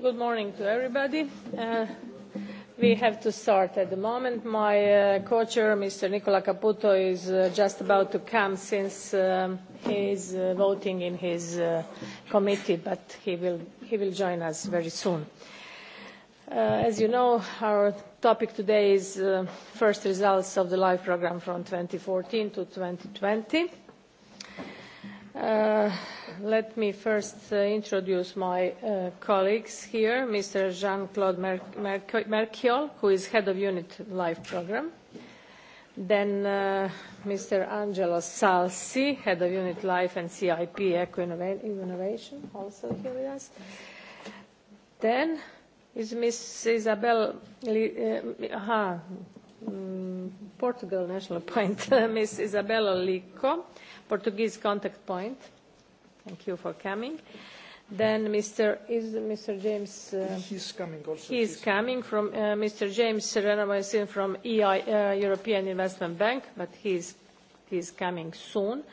Good morning to everybody. Uh, we have to start at the moment. My uh, co-chair, Mr. Nicola Caputo, is uh, just about to come since um, he is uh, voting in his uh, committee, but he will, he will join us very soon. Uh, as you know, our topic today is uh, first results of the LIFE program from 2014 to 2020 Uh, let me first uh, introduce my uh, colleagues here, Mr. Jean-Claude Mer Mer Merchiol, who is head of Unit Life Program, then uh, Mr. Angelo Salsi, head of Unit Life and CIP Eco Innovation, also here with us. Then is Ms. Isabel, uh, ah, Mm, Portugal national point, Ms. Isabella Lico, Portuguese contact point. Thank you for coming. Then Mr. is Mr. James. Uh, he's coming also. He's, he's coming from uh, Mr. James Serena from EI, uh, European Investment Bank, but he's he's coming soon. Uh,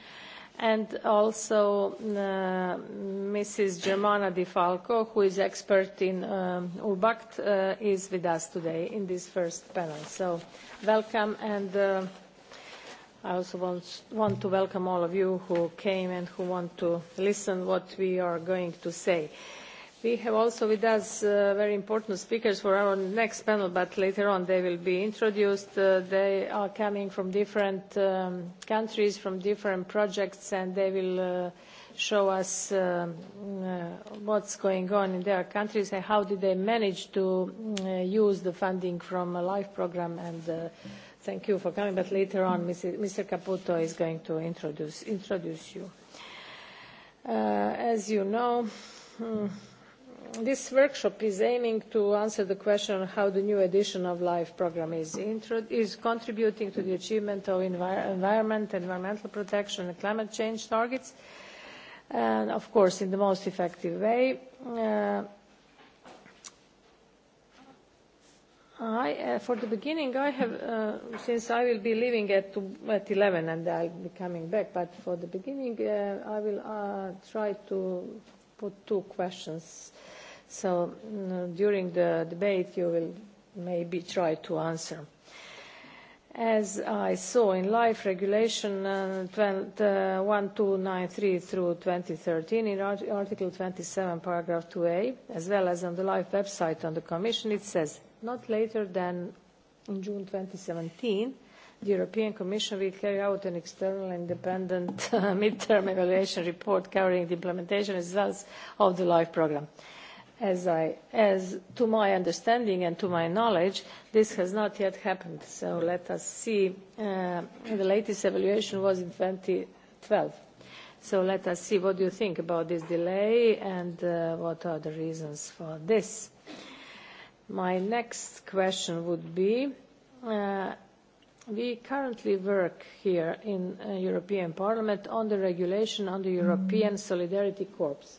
and also uh, Mrs. Germana Di Falco, who is expert in um, URBACT, uh, is with us today in this first panel. So welcome, and uh, I also want, want to welcome all of you who came and who want to listen what we are going to say. Uh, We have also with us uh, very important speakers for our next panel, but later on they will be introduced. Uh, they are coming from different um, countries, from different projects, and they will uh, show us uh, uh, what's going on in their countries and how did they manage to uh, use the funding from a life program. And uh, thank you for coming, but later on Mr. Caputo is going to introduce, introduce you. Uh, as you know, hmm, this workshop is aiming to answer the question on how the new edition of LIFE program is, is contributing to the achievement of envir environment, environmental protection and climate change targets, and of course in the most effective way. Uh, I, uh, for the beginning, I have, uh, since I will be leaving at, at 11 and I'll be coming back, but for the beginning, uh, I will uh, try to put two questions So mm, during the debate, you will maybe try to answer. As I saw in life regulation uh, 1293 through 2013 in Article 27, paragraph 2a, as well as on the life website on the Commission, it says not later than in June 2017, the European Commission will carry out an external independent mid-term evaluation report covering the implementation results of the life programme as, I, as to my understanding and to my knowledge, this has not yet happened. So let us see. Uh, the latest evaluation was in 2012. So let us see what you think about this delay and uh, what are the reasons for this. My next question would be, uh, we currently work here in uh, European Parliament on the regulation on the European Solidarity Corps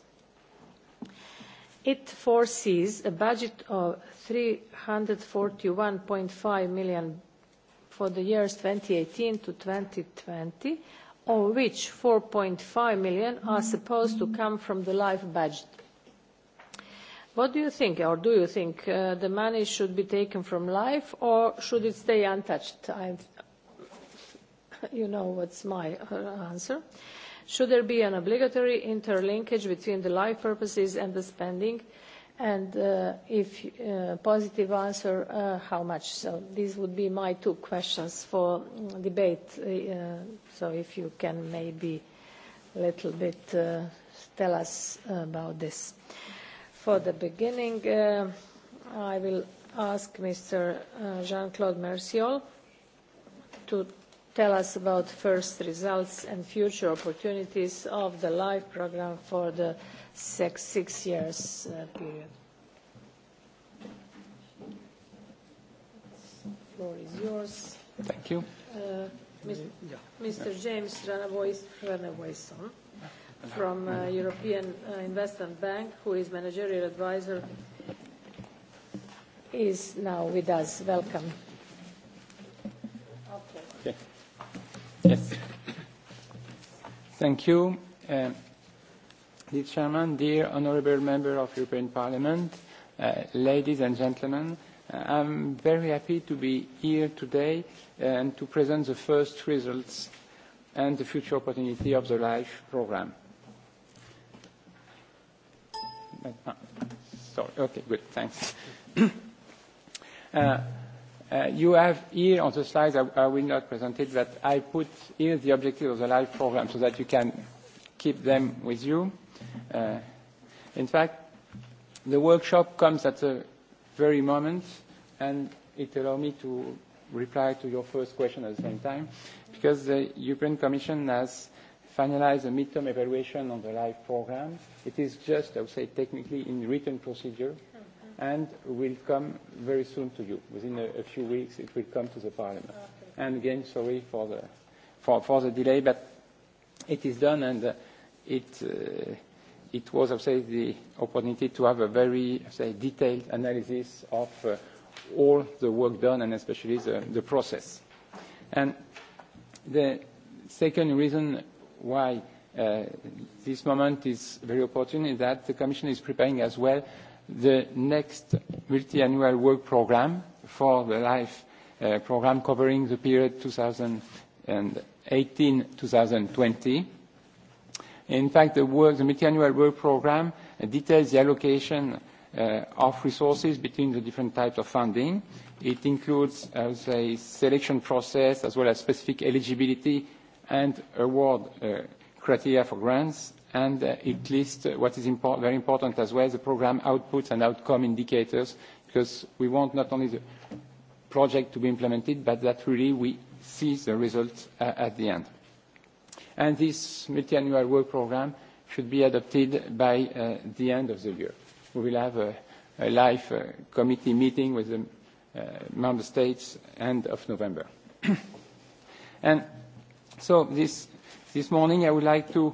It foresees a budget of 341.5 million for the years 2018 to 2020, of which 4.5 million are supposed to come from the life budget. What do you think, or do you think uh, the money should be taken from life, or should it stay untouched? I've, you know what's my uh, answer. Uh, Should there be an obligatory interlinkage between the life purposes and the spending? And uh, if uh, positive answer, uh, how much? So these would be my two questions for debate. Uh, so if you can maybe a little bit uh, tell us about this. For the beginning, uh, I will ask Mr. Uh, Jean-Claude Merciol to tell us about first results and future opportunities of the LIFE programme for the six, six years uh, period. The floor is yours. Thank you. Uh, Mr. Yeah. Mr. James Ranavoison from uh, European uh, Investment Bank, who is managerial advisor, is now with us. Welcome. Yes. Thank you. Mr. Uh, dear Chairman, dear Honourable Member of European Parliament, uh, ladies and gentlemen, uh, I am very happy to be here today and to present the first results and the future opportunity of the LIFE programme. Sorry, okay, good, thanks. Uh, you have here on the slides, I, I will not present it, but I put here the objective of the live program so that you can keep them with you. Uh, in fact, the workshop comes at the very moment, and it allows me to reply to your first question at the same time, because the European Commission has finalized a midterm evaluation on the live program. It is just, I would say, technically in written procedure and will come very soon to you. Within a, a few weeks, it will come to the Parliament. Okay. And again, sorry for the, for, for the delay, but it is done, and uh, it, uh, it was, I would say, the opportunity to have a very, say, detailed analysis of uh, all the work done, and especially the, the process. And the second reason why uh, this moment is very opportune is that the Commission is preparing as well the next multi-annual work program for the life uh, program covering the period 2018-2020. In fact, the, work, the multi-annual work program details the allocation uh, of resources between the different types of funding. It includes, I would say, selection process as well as specific eligibility and award uh, criteria for grants and uh, it lists uh, what is important, very important as well, the program outputs and outcome indicators, because we want not only the project to be implemented, but that really we see the results uh, at the end. And this multi-annual work program should be adopted by uh, the end of the year. We will have a, a live uh, committee meeting with the uh, member states end of November. and so this, this morning I would like to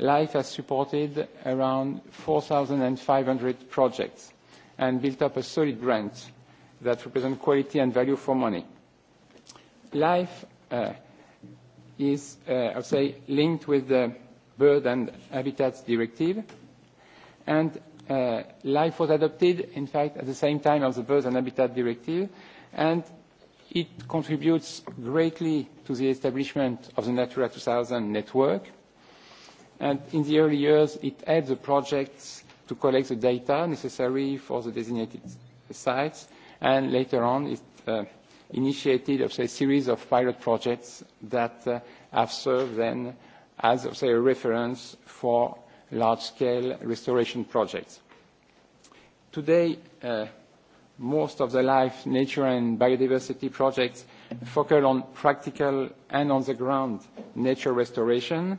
Life has supported around 4,500 projects and built up a solid brand that represent quality and value for money. Life uh, is, uh, I would say, linked with the Bird and Habitats Directive, and uh, Life was adopted, in fact, at the same time as the Birds and Habitat Directive, and it contributes greatly to the establishment of the Natura 2000 network, and in the early years it helped the projects to collect the data necessary for the designated sites and later on it uh, initiated say, a series of pilot projects that uh, have served then as say, a reference for large-scale restoration projects. Today, uh, most of the life, nature and biodiversity projects focus on practical and on-the-ground nature restoration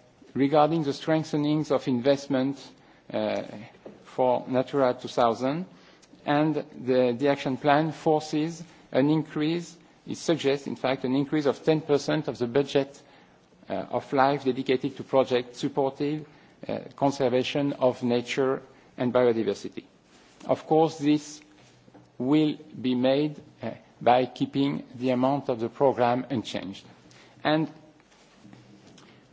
regarding the strengthening of investment uh, for Natura 2000, and the, the action plan forces an increase, it suggests, in fact, an increase of 10% of the budget uh, of life dedicated to projects supporting uh, conservation of nature and biodiversity. Of course, this will be made uh, by keeping the amount of the program unchanged. And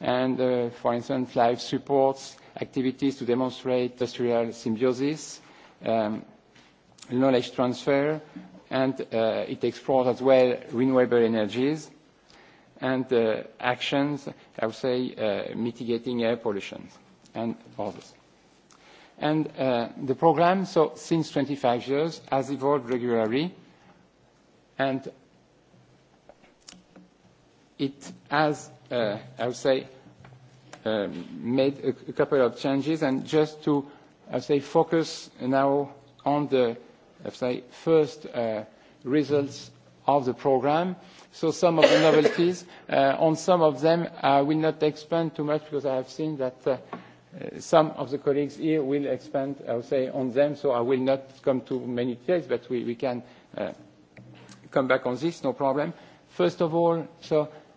and, uh, for instance, life supports activities to demonstrate industrial symbiosis, um, knowledge transfer, and uh, it explores as well renewable energies and uh, actions, I would say, uh, mitigating air pollution and others. And uh, the program, so since 25 years, has evolved regularly, and it has uh, I would say, um, made a, a couple of changes and just to, I would say, focus now on the, I would say, first uh, results of the program. So some of the novelties, uh, on some of them, I will not expand too much because I have seen that uh, uh some of the colleagues here will expand, I would say, on them, so I will not come to many details, but we, we can uh, come back on this, no problem. First of all, so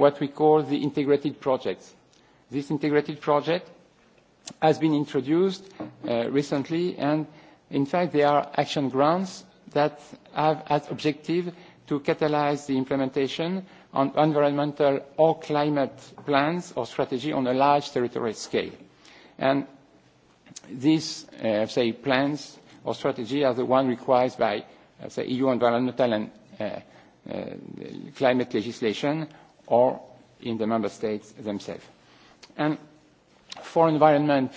what we call the integrated projects. This integrated project has been introduced uh, recently, and in fact, they are action grants that have as objective to catalyze the implementation on environmental or climate plans or strategy on a large territorial scale. And these, uh, say, plans or strategy are the one required by, say, EU environmental and uh, climate legislation or in the member states themselves. And for environment,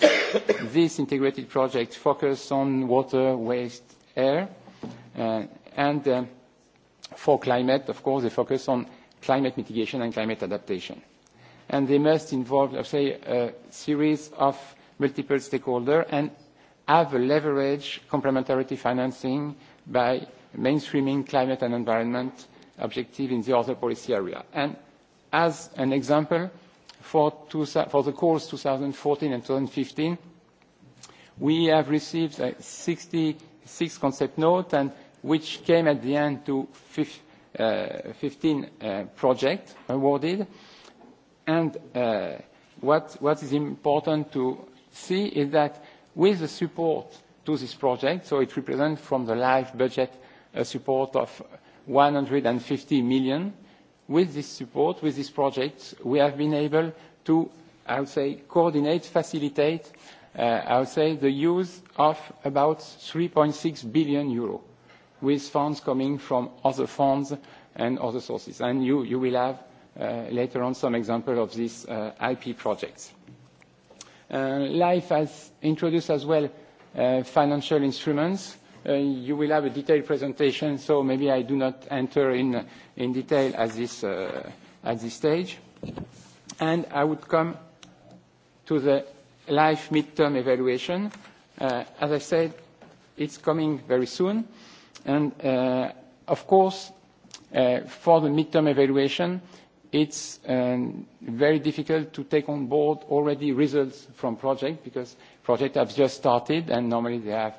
this integrated project focuses on water, waste, air, uh, and uh, for climate, of course, they focus on climate mitigation and climate adaptation. And they must involve, let's say, a series of multiple stakeholders and have a leverage complementarity financing by mainstreaming climate and environment objective in the other policy area. And As an example, for, two, for the calls 2014 and 2015, we have received 66 concept notes, and which came at the end to 15 uh, uh, project awarded. And uh, what, what is important to see is that with the support to this project, so it represents from the live budget a support of 150 million, with this support, with this project, we have been able to, I would say, coordinate, facilitate, uh, I would say, the use of about 3.6 billion euro with funds coming from other funds and other sources. And you, you will have uh, later on some example of these uh, IP projects. Uh, Life has introduced as well uh, financial instruments you will have a detailed presentation, so maybe I do not enter in, in detail at this, uh, at this stage. And I would come to the life midterm evaluation. Uh, as I said, it's coming very soon. And uh, of course, uh, for the midterm evaluation, it's um, very difficult to take on board already results from project because projects have just started and normally they have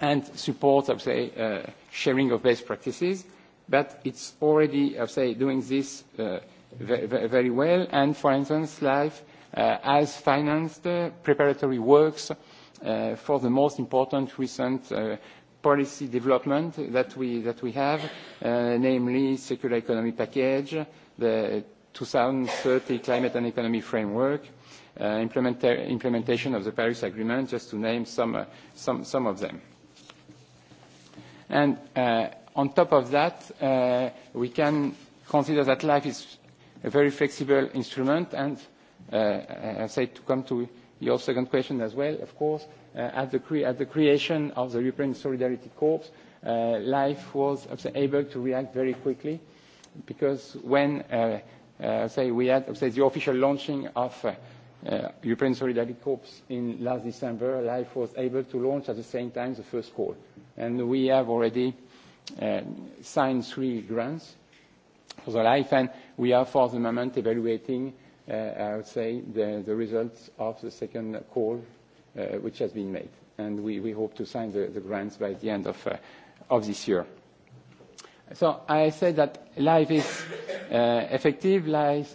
and support, I would say, uh, sharing of best practices. But it's already, I would say, doing this uh, very, very well. And for instance, LIFE uh, has financed uh, preparatory works uh, for the most important recent uh, policy development that we, that we have, uh, namely circular economy package, the 2030 climate and economy framework, uh, implementa implementation of the Paris Agreement, just to name some, uh, some, some of them. And uh, on top of that, uh, we can consider that life is a very flexible instrument. And uh, I say to come to your second question as well, of course, uh, at, the cre at the creation of the European Solidarity Corps, uh, life was able to react very quickly because when uh, uh, say we had say, the official launching of uh, Uh, European Solidarity Corps in last December, LIFE was able to launch at the same time the first call. And we have already uh, signed three grants for the LIFE, and we are for the moment evaluating, uh, I would say, the, the results of the second call uh, which has been made. And we, we hope to sign the, the grants by the end of, uh, of this year. So I said that LIFE is uh, effective, LIFE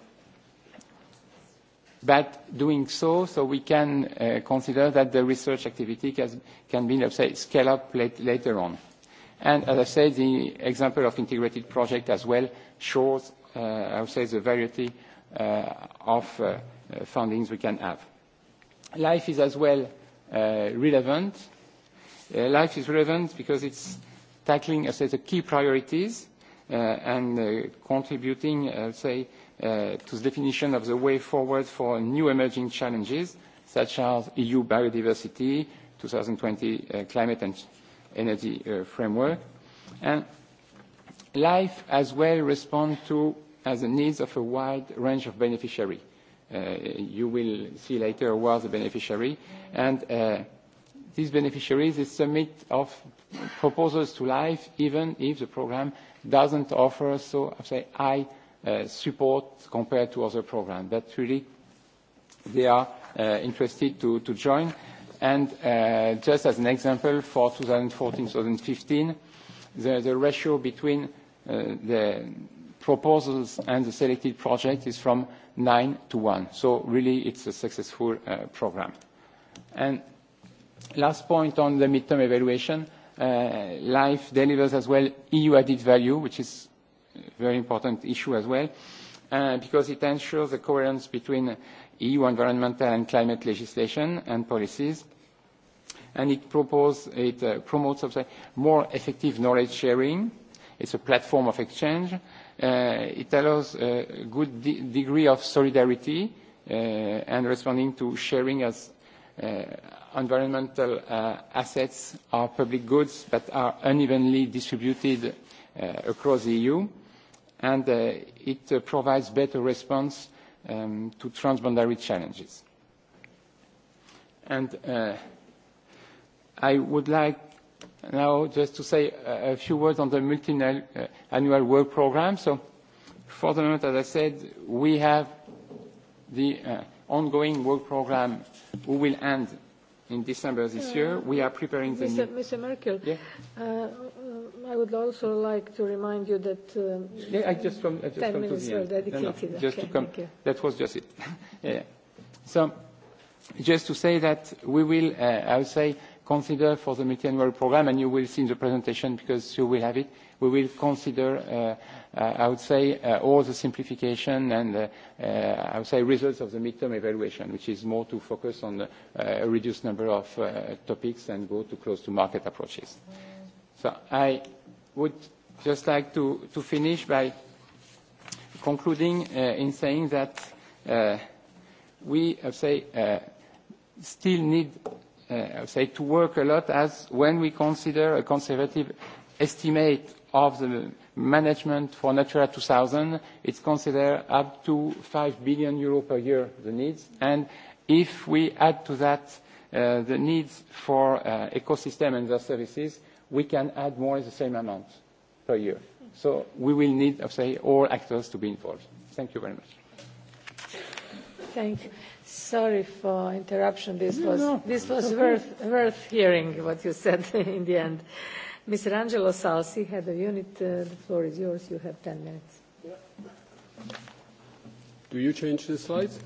but doing so, so we can uh, consider that the research activity can, can be, let's say, scale up late, later on. And as I said, the example of integrated project as well shows, uh, I would say, the variety uh, of uh, fundings we can have. Life is as well uh, relevant. Uh, life is relevant because it's tackling, I say, the key priorities uh, and uh, contributing, uh, say, uh, to the definition of the way forward for new emerging challenges, such as EU biodiversity, 2020 uh, climate and energy uh, framework. And life as well responds to as the needs of a wide range of beneficiaries. Uh, you will see later who are the beneficiary. And uh, these beneficiaries is submit of proposals to life even if the program doesn't offer so say high uh, support compared to other programs. But really, they are uh, interested to, to join. And uh, just as an example, for 2014-2015, the, the ratio between uh, the proposals and the selected project is from 9 to 1. So really, it's a successful uh, program. And Last point on the midterm evaluation. Uh, Life delivers as well EU added value, which is a very important issue as well, uh, because it ensures the coherence between EU environmental and climate legislation and policies. and It, propose, it uh, promotes more effective knowledge sharing. It's a platform of exchange. Uh, it allows a good de degree of solidarity uh, and responding to sharing as uh, environmental uh, assets are public goods that are unevenly distributed uh, across the EU, and uh, it uh, provides better response um, to transboundary challenges. And uh, I would like now just to say a, a few words on the multi-annual uh, work program. So for the moment, as I said, we have the uh, ongoing work program who will end in December this year. Uh, we are preparing the Mr. new... Mr. Merkel, yeah? uh, I would also like to remind you that... Um, yeah, I just come, I just 10 come minutes to the dedicated. No, no, just okay, to come. That was just it. yeah. So, just to say that we will, uh, I would say, consider for the multi-annual program, and you will see in the presentation because you will have it, we will consider, uh, uh, I would say, uh, all the simplification and, uh, uh, I would say, results of the midterm evaluation, which is more to focus on uh, a reduced number of uh, topics and go to close-to-market approaches. So I would just like to, to finish by concluding uh, in saying that uh, we, I would say, uh, still need I'll uh, say, to work a lot as when we consider a conservative estimate of the management for Natura 2000, it's considered up to 5 billion euro per year, the needs. And if we add to that uh, the needs for uh, ecosystem and their services, we can add more or the same amount per year. So we will need, I'll say, all actors to be involved. Thank you very much. Thank you. Sorry for interruption. This no, was, no, this was okay. worth, worth hearing what you said in the end. Mr. Angelo Salsi, head of unit, uh, the floor is yours. You have 10 minutes. Do you change the slides?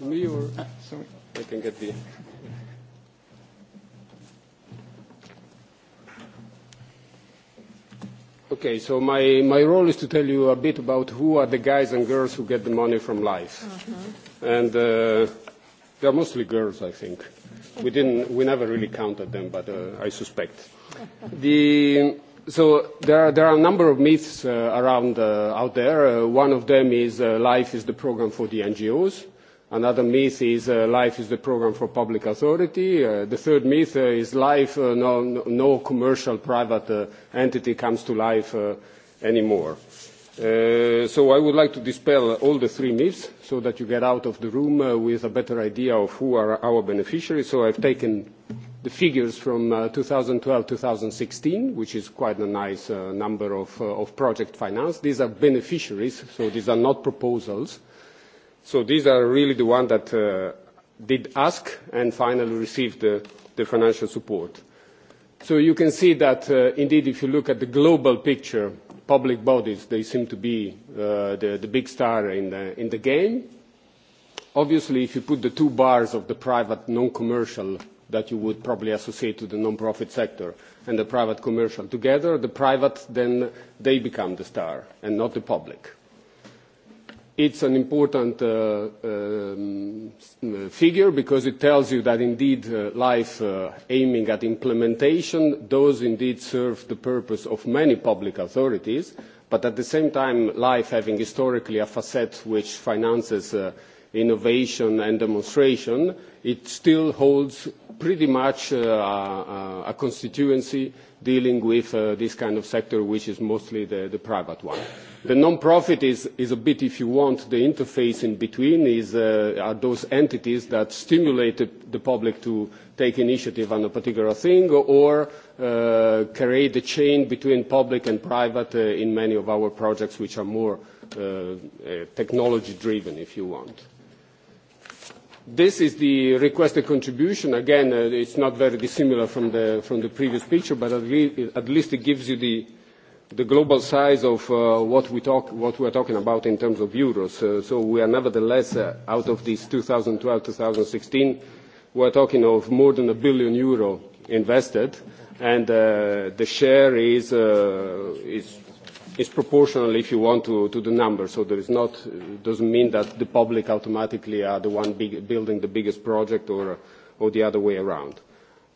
Me or? Ah, sorry. I can get the. Okay, so my, my role is to tell you a bit about who are the guys and girls who get the money from life. Uh-huh and uh, they are mostly girls, I think. We didn't, we never really counted them, but uh, I suspect. The, so there are, there are a number of myths uh, around uh, out there. Uh, one of them is uh, life is the program for the NGOs. Another myth is uh, life is the program for public authority. Uh, the third myth uh, is life, uh, no, no commercial private uh, entity comes to life uh, anymore. Uh, so I would like to dispel all the three myths so that you get out of the room uh, with a better idea of who are our beneficiaries. So I've taken the figures from 2012-2016, uh, which is quite a nice uh, number of, uh, of project finance. These are beneficiaries, so these are not proposals. So these are really the ones that did ask and finally received the, the financial support. So you can see that, indeed, if you look at the global picture, public bodies, they seem to be uh, the, the big star in the, in the game. Obviously, if you put the two bars of the private non-commercial that you would probably associate to the non-profit sector and the private commercial together, the private, then they become the star and not the public it's an important uh, um, figure because it tells you that indeed uh, life uh, aiming at implementation does indeed serve the purpose of many public authorities, but at the same time life having historically a facet which finances innovation and demonstration, it still holds pretty much a constituency dealing with uh, this kind of sector, which is mostly the, private one. The non-profit is, a bit, if you want, the interface in between is, uh, are those entities that stimulate the public to take initiative on a particular thing or uh, create the chain between public and private in many of our projects, which are more technology-driven, if you want. This is the requested contribution. Again, uh, it's not very dissimilar from the, from the previous picture, but at, le at least it gives you the, the global size of uh, what, we talk, what we are talking about in terms of euros. Uh, so we are nevertheless, uh, out of this 2012-2016, we are talking of more than a billion euro invested, and uh, the share is, uh, is is proportional if you want to, to the number. So there is not, doesn't mean that the public automatically are the one big, building the biggest project or, or the other way around.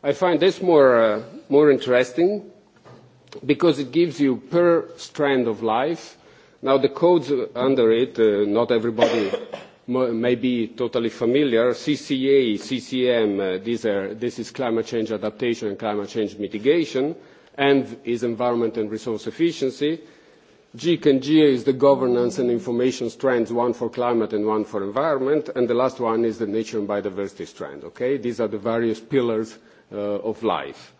I find this more, uh, more interesting because it gives you per strand of life. Now the codes under it, uh, not everybody may be totally familiar. CCA, CCM, uh, these are, this is climate change adaptation and climate change mitigation, and is environment and resource efficiency GIC and GA is the governance and information strands, one for climate and one for environment, and the last one is the nature and biodiversity strand. Okay, these are the various pillars uh, of life.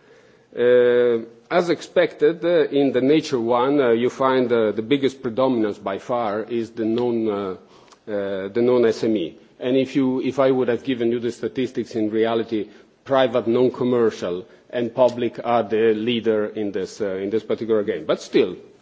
Uh, as expected, uh, in the nature one, uh, you find uh, the biggest predominance by far is the non, uh, uh, the non-SME. And if, you, if I would have given you the statistics, in reality, private non-commercial and public are the leader in this, uh, in this particular game. But still,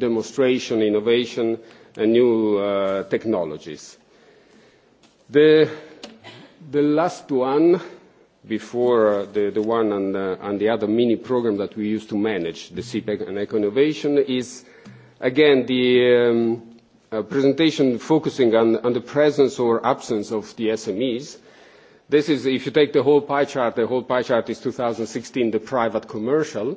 demonstration, innovation, and new uh, technologies. The, the last one, before uh, the, the one and the, uh, and the other mini program that we used to manage, the CPEC e and Eco-Innovation, is again the um, uh, presentation focusing on, on the presence or absence of the SMEs. This is, if you take the whole pie chart, the whole pie chart is 2016, the private commercial,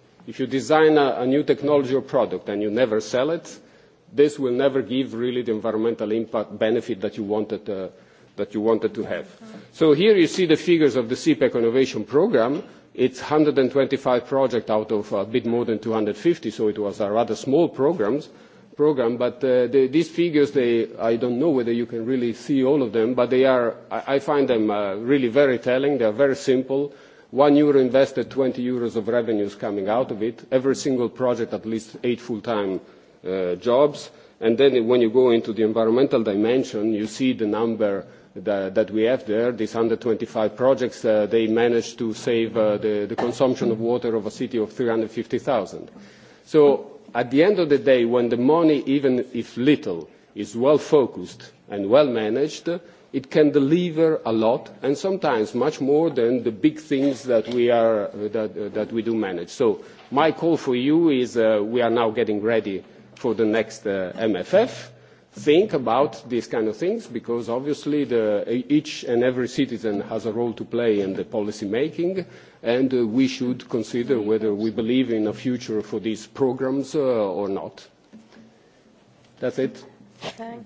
If you design a, a new technology or product and you never sell it, this will never give really the environmental impact benefit that you wanted, to, uh, that you wanted to have. So here you see the figures of the CPEC e Innovation Program. It's 125 projects out of a bit more than 250, so it was a rather small programs, program. But uh, the, these figures, they, I don't know whether you can really see all of them, but they are, I, I find them uh, really very telling. They are very simple one euro invested, 20 euros of revenues coming out of it. Every single project, at least eight full-time uh, jobs. And then when you go into the environmental dimension, you see the number that, that we have there. These under 25 projects, uh, they managed to save uh, the, the consumption of water of a city of 350,000. So at the end of the day, when the money, even if little, is well focused and well managed, it can deliver a lot and sometimes much more than the big things that we, are, that, that we do manage. So my call for you is uh, we are now getting ready for the next uh, MFF. Think about these kind of things because obviously the, uh, each and every citizen has a role to play in the policy making and uh, we should consider whether we believe in a future for these programs uh, or not. That's it. Thanks.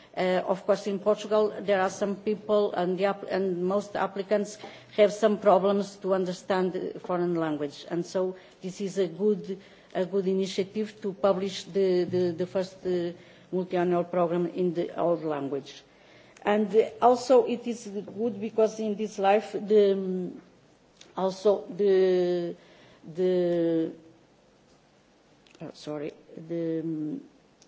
Uh, of course, in Portugal, there are some people and, most applicants have some problems to understand foreign language. And so this is a good, initiative to publish the, first uh, multi-annual program in the old language. And also it is good because in this life, the, um, also the, the oh, sorry, the um,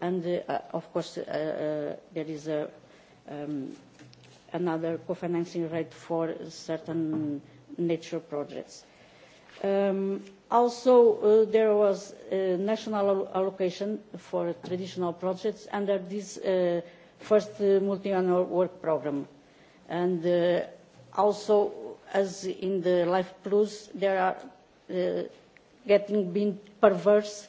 and uh, of course uh, uh there is a, uh, um, another co-financing rate for certain nature projects. Um, also, uh, there was a national allocation for traditional projects under this uh, first uh, multi-annual work program. And uh, also, as in the Life Plus, there are uh, getting being perverse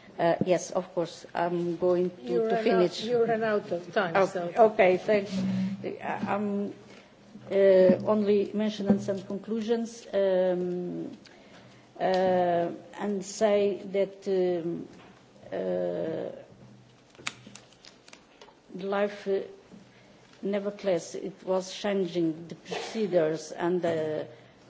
Uh, yes, of course, I'm going to, you to finish. Out, you ran out of time. Oh, so. Okay, thanks. I'm uh, um, uh, only mentioning some conclusions um, uh, and say that um, uh, life, uh, nevertheless, it was changing the procedures and the uh,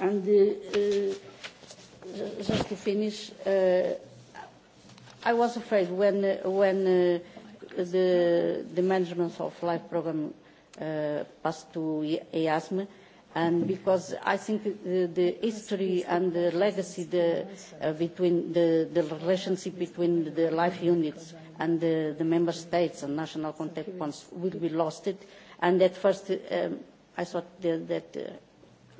And uh, uh, just to finish, uh, I was afraid when, uh, when uh, the, the management of life program uh, passed to EASM, and because I think the, the history and the legacy the, uh, between the, the relationship between the life units and the, the member states and national contact points will be lost. It. And at first, um, I thought that, that uh,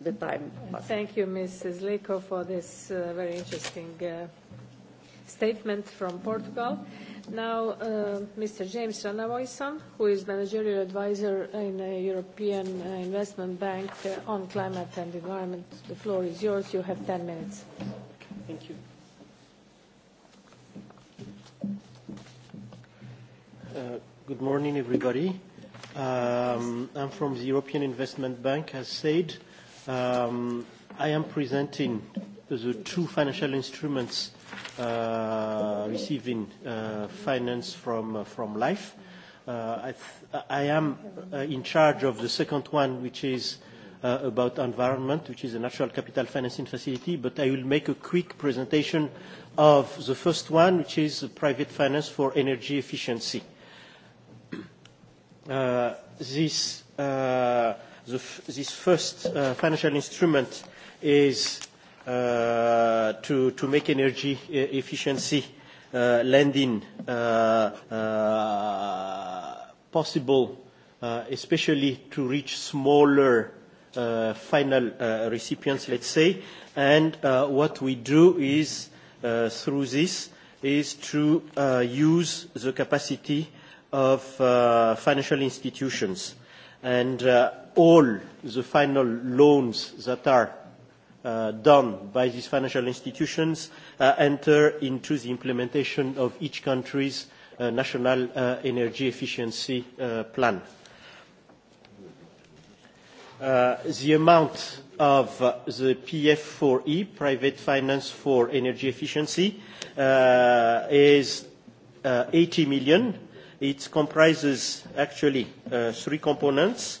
the time. Thank you, Mrs. Leko, for this uh, very interesting uh, statement from Portugal. Now, uh, Mr. James Ranavoisan, who is managerial advisor in a European uh, Investment Bank uh, on climate and environment. The floor is yours. You have 10 minutes. Thank you. Uh, good morning, everybody. Um, I'm from the European Investment Bank, as said. Uh, Um, I am presenting the two financial instruments uh, receiving uh, finance from, uh, from life. Uh, I, th I am uh, in charge of the second one, which is uh, about environment, which is a natural capital financing facility, but I will make a quick presentation of the first one, which is private finance for energy efficiency. Uh, this uh, this first uh, financial instrument is uh, to, to make energy uh, efficiency uh, lending uh, uh, possible, uh, especially to reach smaller uh, final uh, recipients, let's say. And uh, what we do is, uh, through this, is to uh, use the capacity of uh, financial institutions. And uh, all the final loans that are uh, done by these financial institutions uh, enter into the implementation of each country's uh, national uh, energy efficiency uh, plan. Uh, the amount of uh, the PF4E, Private Finance for Energy Efficiency, uh, is uh, 80 million. It comprises actually uh, three components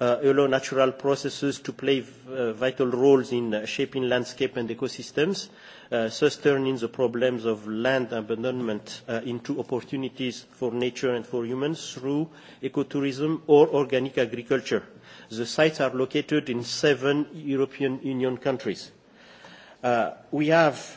Uh, allow natural processes to play uh, vital roles in uh, shaping landscape and ecosystems, thus turning the problems of land abandonment into opportunities for nature and for humans through ecotourism or organic agriculture. The sites are located in seven European Union countries. Uh, we have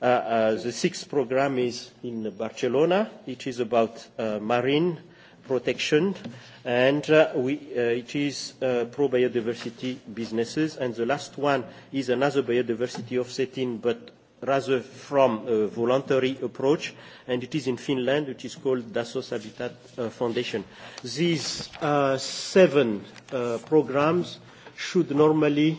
Uh, uh, the sixth program is in Barcelona. It is about uh, marine protection, and uh, we, uh, it is uh, pro-biodiversity businesses. And the last one is another biodiversity offsetting, but rather from a voluntary approach, and it is in Finland, which is called Dassos Habitat uh, Foundation. These uh, seven uh, programs should normally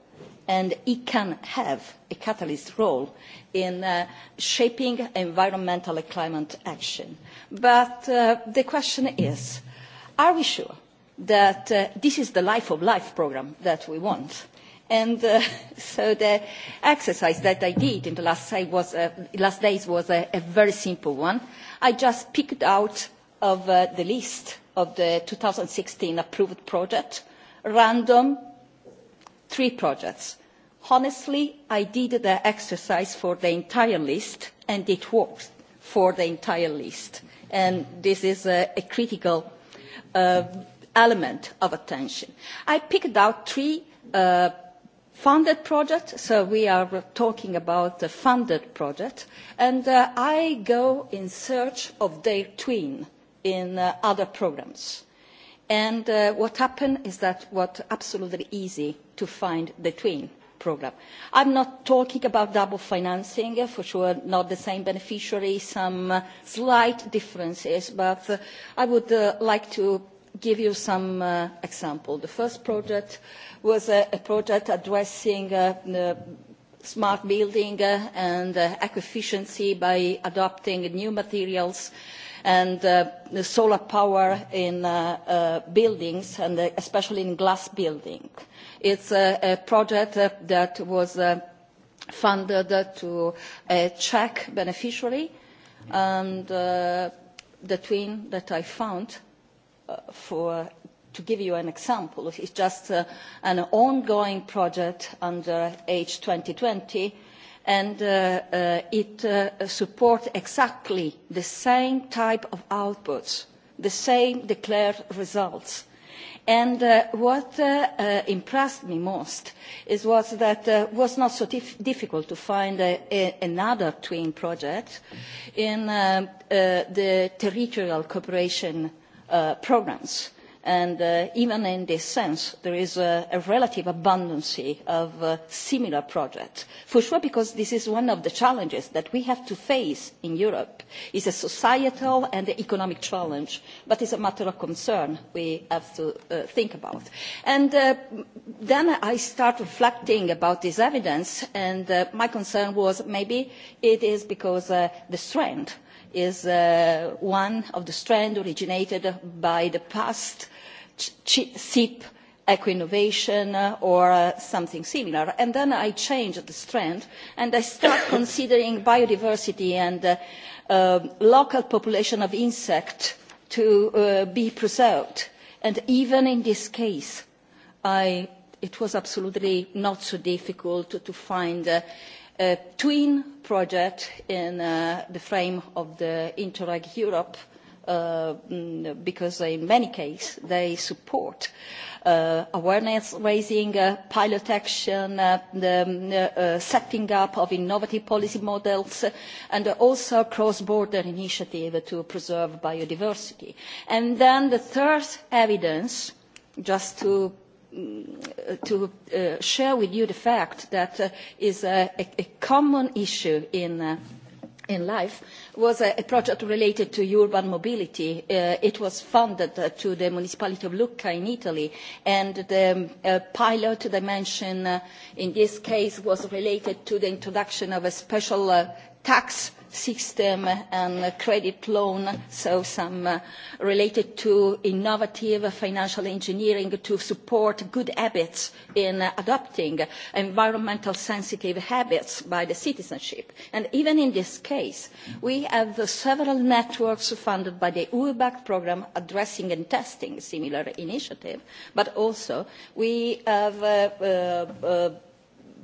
and it can have a catalyst role in uh, shaping environmental and climate action. But uh, the question is, are we sure that uh, this is the life of life programme that we want? And uh, so the exercise that I did in the last, was, uh, last days was a, a, very simple one. I just picked out of uh, the list of the 2016 approved project, random three projects honestly i did the exercise for the entire list and it works for the entire list and this is a, a critical uh, element of attention. i picked out three uh, funded projects so we are talking about the funded project and uh, i go in search of their twin in uh, other programmes and uh, what happened is that it was absolutely easy to find the twin programme. I'm not talking about double financing, eh, for sure not the same beneficiary, some uh, slight differences, but uh, I would uh, like to give you some uh, examples. The first project was a, a project addressing uh, smart building uh, and uh, eco-efficiency by adopting new materials and uh, solar power in buildings, and especially in glass buildings It's a, a project that was uh, funded to uh, check beneficially, beneficiary, and uh, the twin that I found for to give you an example, is just an ongoing project under Age 2020, and twenty and it supports exactly the same type of outputs, the same declared results And uh, what uh, uh, impressed me most was that it was not so dif difficult to find a, a, another twin project in uh, uh, the territorial cooperation uh, programs and uh, even in this sense there is a, a relative abundance of uh, similar projects for sure because this is one of the challenges that we have to face in europe is a societal and economic challenge but it's a matter of concern we have to uh, think about and uh, then i start reflecting about this evidence and uh, my concern was maybe it is because uh, the strength is uh, one of the strands originated by the past SIP eco-innovation uh, or uh, something similar. And then I changed the strand and I start considering biodiversity and uh, uh, local population of insects to uh, be preserved. And even in this case, I, it was absolutely not so difficult to, to find uh, twin project in uh, the frame of the Interreg Europe uh, mm, because in many cases they support uh, awareness raising, uh, pilot action, uh, the um, uh, uh, setting up of innovative policy models, and also cross-border initiative to preserve biodiversity. And then the third evidence, just to to uh, share with you the fact that uh, is uh, a, a, common issue in, uh, in life was a, a, project related to urban mobility. Uh, it was funded uh, to the municipality of Lucca in Italy, and the um, pilot dimension in this case was related to the introduction of a special tax system and credit loan, so some uh, related to innovative financial engineering to support good habits in adopting environmental sensitive habits by the citizenship. And even in this case, we have several networks funded by the UBAC e program addressing and testing similar initiative, but also we have uh, uh,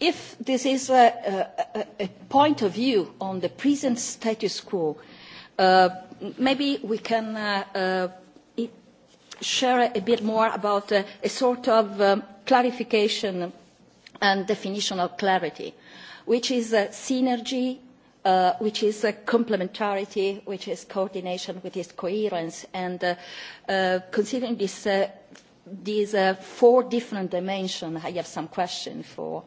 if this is a, point of view on the present status quo, uh, maybe we can uh, uh, share a bit more about uh, a sort of um, clarification and definition of clarity, which is a synergy, uh, which is a complementarity, which is coordination, which is coherence. And uh, uh, considering this, uh, these uh, four different dimensions, I have some questions for uh,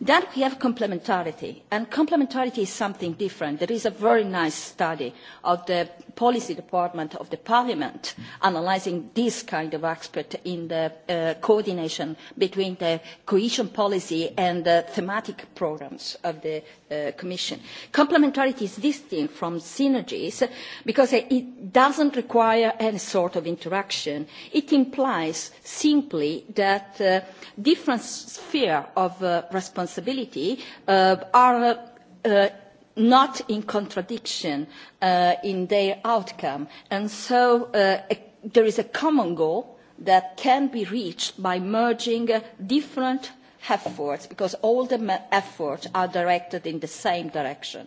Then we have complementarity, and complementarity is something different. There is a very nice study of the policy department of the parliament analysing this kind of aspect in the uh, coordination between the cohesion policy and the thematic programmes of the uh, commission. Complementarity is distinct from synergies because it doesn't require any sort of interaction. It implies simply that uh, different spheres of uh, responsibility responsibility uh, are uh, not in contradiction uh, in their outcome. And so uh, a, there is a common goal that can be reached by merging uh, different efforts, because all the efforts are directed in the same direction.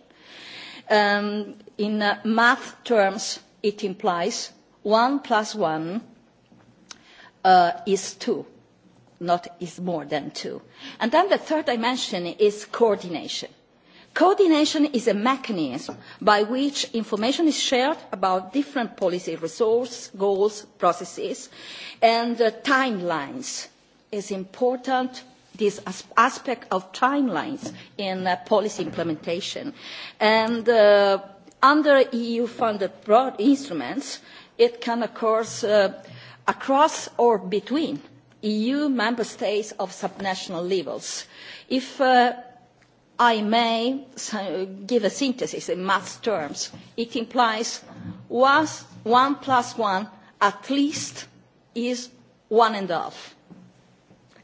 Um, in uh, math terms, it implies one plus one uh, is two not is more than two. And then the third dimension is coordination. Coordination is a mechanism by which information is shared about different policy resources, goals, processes, and uh, timelines. It's important this as aspect of timelines in uh, policy implementation. And uh, under EU-funded broad instruments, it can occur uh, across or between EU member states of subnational levels. If uh, I may give a synthesis in math terms, it implies one plus one at least is one and a half.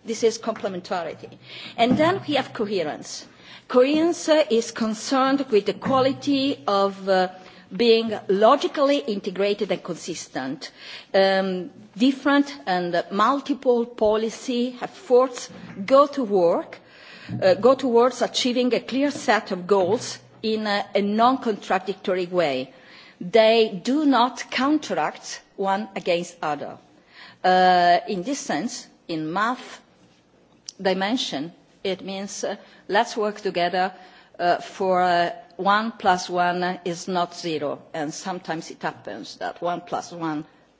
This is complementarity. And then we have coherence. Coherence is concerned with the quality of uh, being logically integrated and consistent. Um, different and multiple policy efforts go to work, uh, go towards achieving a clear set of goals in a, a non-contradictory way. They do not counteract one against other. Uh, in this sense, in math dimension, it means uh, let's work together uh, for uh, one plus one is not zero, and sometimes it happens that one plus one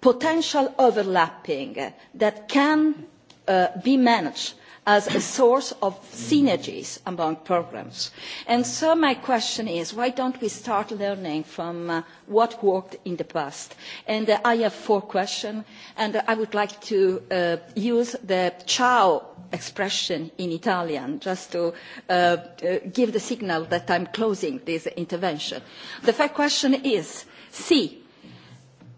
potential overlapping that can uh, be managed as a source of synergies among programmes. And so my question is, why don't we start learning from uh, what worked in the past? And uh, I have four questions, and I would like to uh, use the ciao expression in Italian just to uh, uh, give the signal that I'm closing this intervention. The first question is, sì,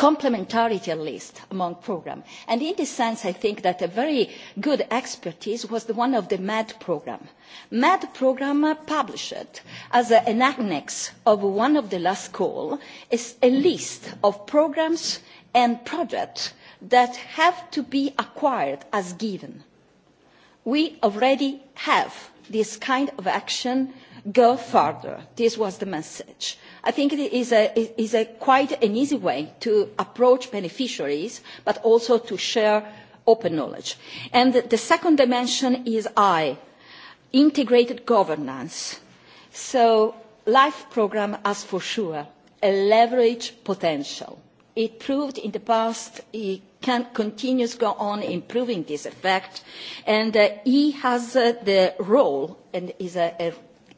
complementarity at least among programmes. And in this sense, I think that a very good expertise was the one of the MED programme. MED programme published as an annex of one of the last call is a list of programmes and projects that have to be acquired as given. We already have this kind of action go further. This was the message. I think it is, quite an easy way to approach beneficiaries, but also to share open knowledge. And the second dimension is I, integrated governance. So life programme has for sure a leverage potential. It proved in the past it can continue to go on improving this effect, and it uh, E has uh, the role and is a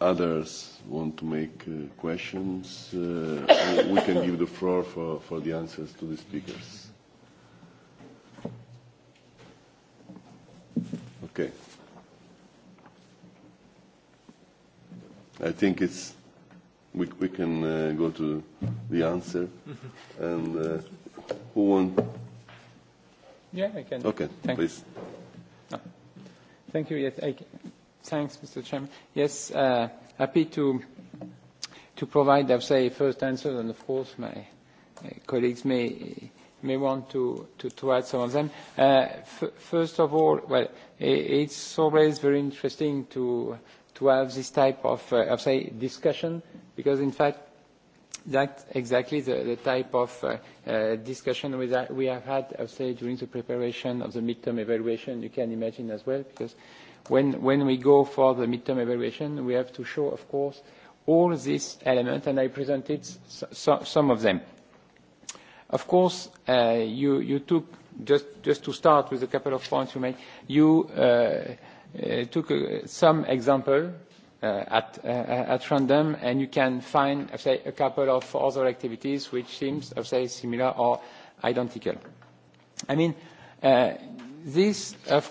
others want to make uh, questions, uh, we can give the floor for, for the answers to the speakers. Okay. I think it's we, we can uh, go to the answer. Mm-hmm. and uh, who wants? Yeah, I can. Okay, Thanks. please. No. Thank you. Yes, I can. Thanks, Mr. Chairman. Yes, uh, happy to to provide, I say, first answer, and of course my colleagues may may want to, to, to add some of them. Uh, f first of all, well, it's always very interesting to to have this type of, uh, of say, discussion because, in fact, that's exactly the, the type of uh, uh, discussion we, that we have had, I would say, during the preparation of the midterm evaluation. You can imagine as well, because uh, when, when we go for the midterm evaluation, we have to show, of course, all these elements, and I presented some of them. Of course, uh, you, you took, just, just to start with a couple of points you made, you uh, uh, took uh, some example uh, at, uh, at random, and you can find, I say, a couple of other activities which seems, I say, similar or identical. I mean, uh, this, of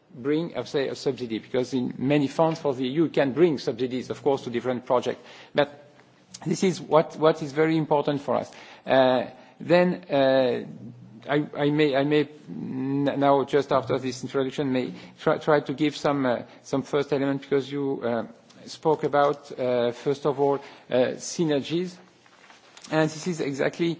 bring, I say, a subsidy, because in many funds for the EU can bring subsidies, of course, to different projects. But this is what, what is very important for us. Uh, then uh, I, I, may, I may now, just after this introduction, may try, try to give some, uh, some first element, because you uh, spoke about, uh, first of all, uh, synergies. And this is exactly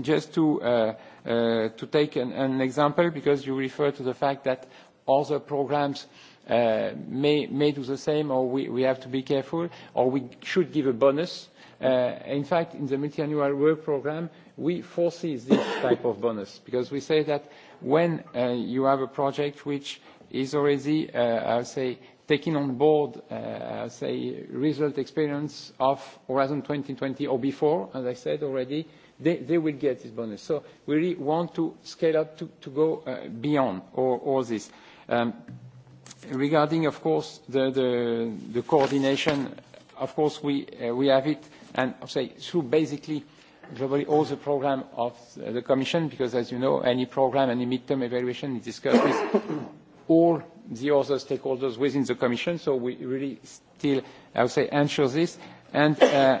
just to, uh, uh, to take an, an example, because you refer to the fact that other programs uh, may, may do the same, or we, we have to be careful, or we should give a bonus. Uh, in fact, in the multi-annual work program, we foresee this type of bonus, because we say that when uh, you have a project which is already, uh, I'll say, taking on board, uh, say, result experience of Horizon 2020 or before, as I said already, they, will get this bonus. So we really want to scale up to, to go uh, beyond all, all this. Um, regarding, of course, the, the, the coordination, of course, we, uh, we have it, and I'll say through basically globally all the program of the Commission, because as you know, any program, any midterm evaluation is discussed with all the other stakeholders within the Commission, so we really still, I would say, ensure this. And uh,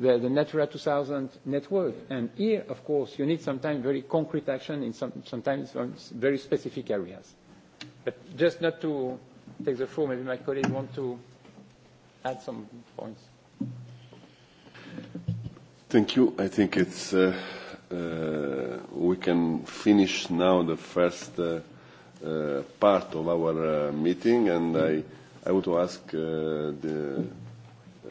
the, the Natura 2000 network. And here, of course, you need sometimes very concrete action in some, sometimes very specific areas. But just not to take the floor, maybe my colleague want to add some points. Thank you. I think it's uh, uh, we can finish now the first uh, uh, part of our uh, meeting, and I I want to ask uh, the uh,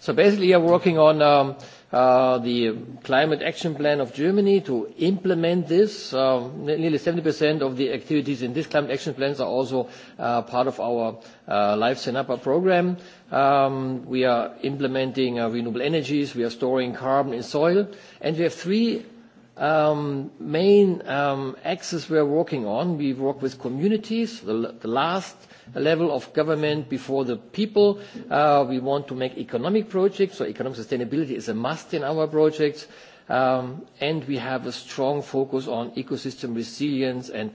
So basically, you're working on um, uh, the climate action plan of Germany to implement this. Uh, nearly 70% of the activities in this climate action plans are also uh, part of our uh, Life Senapa program. Um, we are implementing uh, renewable energies. We are storing carbon in soil. And we have three um, main um, axes we are working on. We work with communities. The, the last level of government before the people. Uh, we want to make economic projects, so economic sustainability is a must in our projects. Um, and we have a strong focus on ecosystem resilience and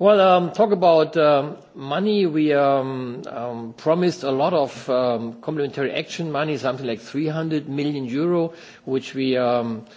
Well, um, talk about um, money. We um, um, promised a lot of um, complementary action money, something like 300 million euro, which we um, –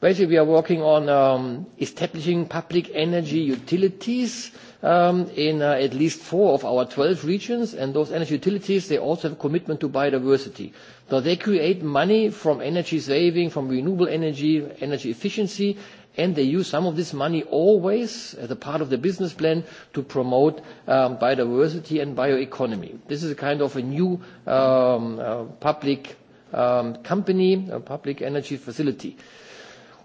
Basically, we are working on um, establishing public energy utilities um, in uh, at least four of our 12 regions, and those energy utilities, they also have a commitment to biodiversity. So they create money from energy saving, from renewable energy, energy efficiency, and they use some of this money always as a part of the business plan to promote um, biodiversity and bioeconomy. This is a kind of a new um, uh, public um, company, a public energy facility.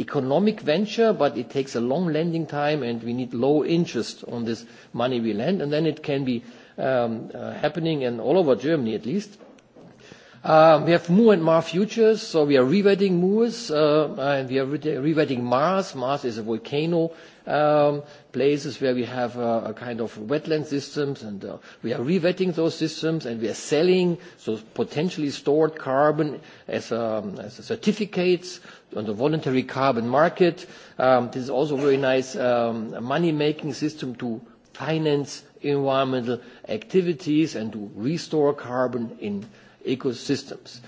economic venture, but it takes a long lending time, and we need low interest on this money we lend, and then it can be um, uh, happening in all over Germany at least. Uh, we have Moore and Mar futures, so we are rewetting Moors, uh, and we are rewetting Mars. Mars is a volcano um, places where we have a kind of wetland systems, and uh, we are rewetting those systems, and we are selling so potentially stored carbon as, um, as certificates on the voluntary carbon market. Um, this is also a very nice um, money-making system to finance environmental activities and to restore carbon in ecosystems.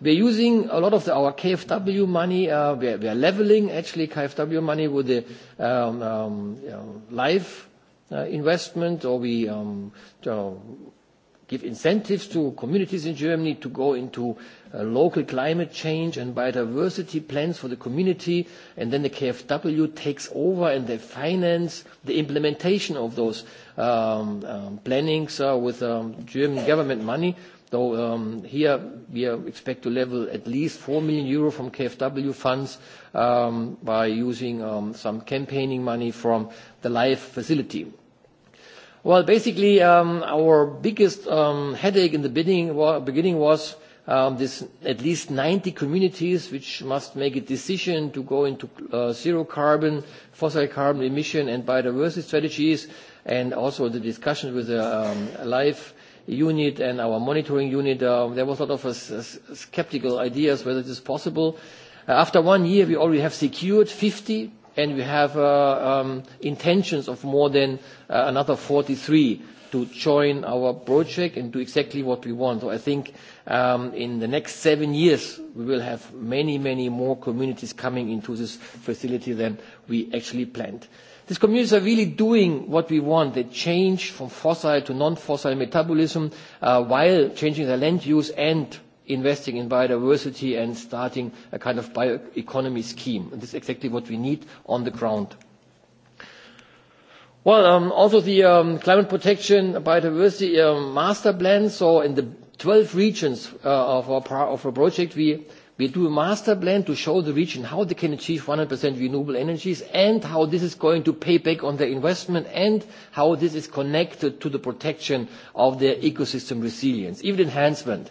We're using a lot of the, our KfW money. Uh, we, are, we are leveling actually KfW money with the um, um, you uh, know, life uh, investment, or we um, give incentives to communities in Germany to go into Uh, local climate change and biodiversity plans for the community, and then the KfW takes over and they finance the implementation of those um, um, plannings uh, with um, German government money. Though um, here we expect to level at least 4 million euro from KfW funds um, by using um, some campaigning money from the LIFE facility. Well, basically, um, our biggest um, headache in the beginning was Um, this at least 90 communities which must make a decision to go into uh, zero carbon, fossil carbon emission and biodiversity strategies and also the discussion with the um, LIFE unit and our monitoring unit, uh, there was a lot of uh, skeptical ideas whether this is possible. Uh, after one year, we already have secured 50 and we have uh, um, intentions of more than uh, another 43 to join our project and do exactly what we want. So I think um, in the next seven years, we will have many, many more communities coming into this facility than we actually planned. These communities are really doing what we want. They change from fossil to non-fossil metabolism uh, while changing their land use and investing in biodiversity and starting a kind of bioeconomy scheme. And this is exactly what we need on the ground. Well, um, also the um, climate protection, biodiversity um, master plan. So in the 12 regions uh, of, our of our project, we, we do a master plan to show the region how they can achieve 100% renewable energies and how this is going to pay back on their investment and how this is connected to the protection of their ecosystem resilience, even enhancement.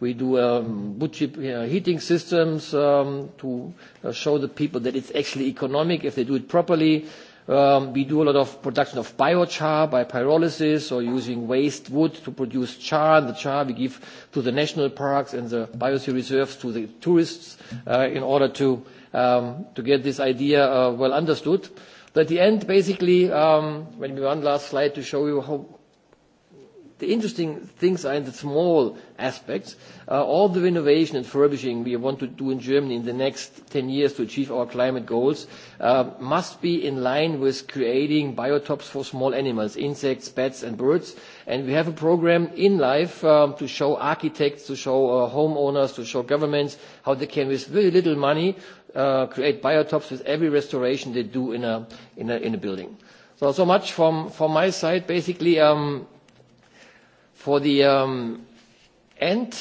We do um, wood chip uh, heating systems um, to uh, show the people that it's actually economic if they do it properly. Um, we do a lot of production of biochar by pyrolysis or using waste wood to produce char. The char we give to the national parks and the biosphere reserves to the tourists uh, in order to, um, to get this idea uh, well understood. But at the end, basically, um, one last slide to show you how The interesting things are in the small aspects. Uh, all the renovation and furbishing we want to do in Germany in the next 10 years to achieve our climate goals uh, must be in line with creating biotopes for small animals, insects, bats and birds. And we have a program in life um, to show architects, to show uh, homeowners, to show governments how they can, with very little money, uh, create biotopes with every restoration they do in a, in a, in a building. So, so much from, from my side. Basically, um, For the um, end,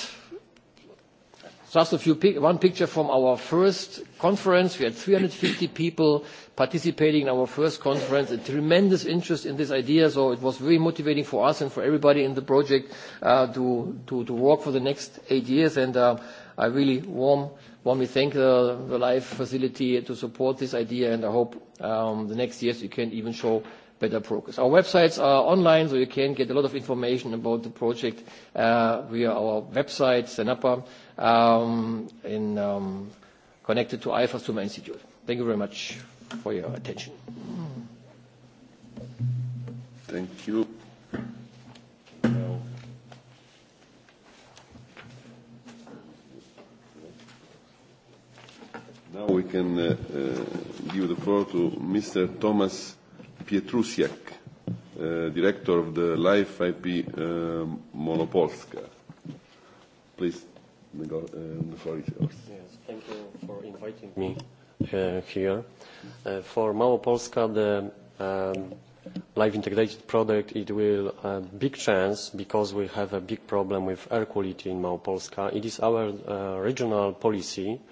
just a few pic one picture from our first conference. We had 350 people participating in our first conference. A tremendous interest in this idea, so it was very motivating for us and for everybody in the project uh, to, to, to work for the next eight years. And uh, I really warm, warmly thank the, the LIFE facility to support this idea, and I hope um, the next years we can even show better progress. Our websites are online, so you can get a lot of information about the project uh, via our website, CENAPA, um, um, connected to IFA Tumor Institute. Thank you very much for your attention. Thank you. Now. we can uh, uh, give the floor to Mr. Thomas Pietrusiak, uh, director of the Life IP uh, Monopolska. Please, the, uh, the floor is yours. Yes, thank you for inviting me uh, here. Uh, for Małopolska, the um, live integrated product, it will a uh, big chance because we have a big problem with air quality in Małopolska. It is our uh, regional policy uh,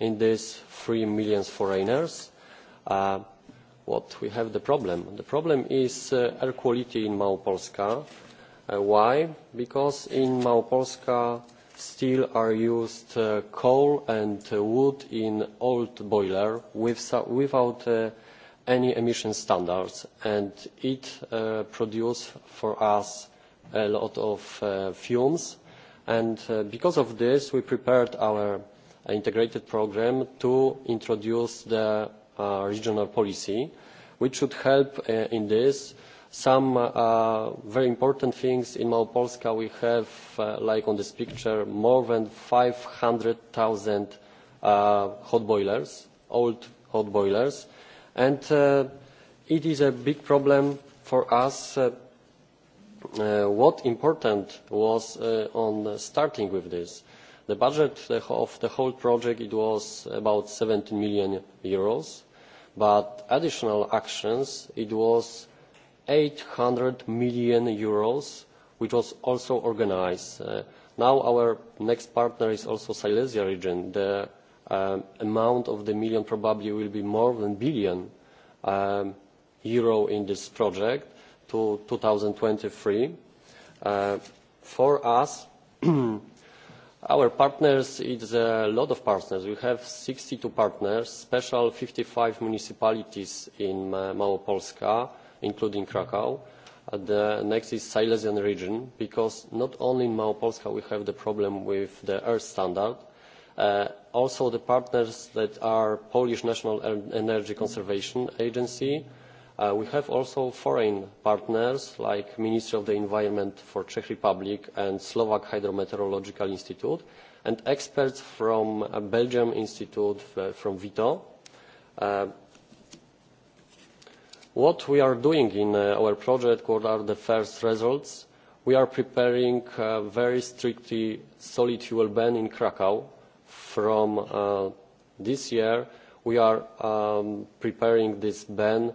in these three million foreigners. Uh, what we have the problem? The problem is uh, air quality in Małopolska. Uh, why? Because in Małopolska still are used uh, coal and uh, wood in old boiler with, without uh, any emission standards and it uh, produces for us a lot of uh, fumes and uh, because of this we prepared our integrated programme to introduce the uh, regional policy which should help uh, in this. Some uh, very important things in Małopolska we have, like on this picture, more than 500,000 hot boilers, old hot boilers, and it is a big problem for us uh, what important was uh, on starting with this the budget of the whole project was about eur seventeen million but additional actions it was eur eight hundred million which was also organised. Uh, now our next partner is also the silesia region. the uh, amount of the million probably will be more than a billion um, euro in this project to two thousand and twenty three. Uh, for us Our partners, it's a lot of partners. We have 62 partners, special 55 municipalities in Małopolska, including Krakow. Uh, the next is Silesian region, because not only in Małopolska we have the problem with the air standard, uh, also the partners that are Polish National Energy Conservation Agency, Uh, we have also foreign partners like ministry of the environment for czech republic and slovak hydrometeorological institute and experts from the uh, belgium institute uh, from vito uh, what we are doing in our project what are the first results we are preparing a very strictly solid fuel ban in krakow from this year we are um, preparing this ban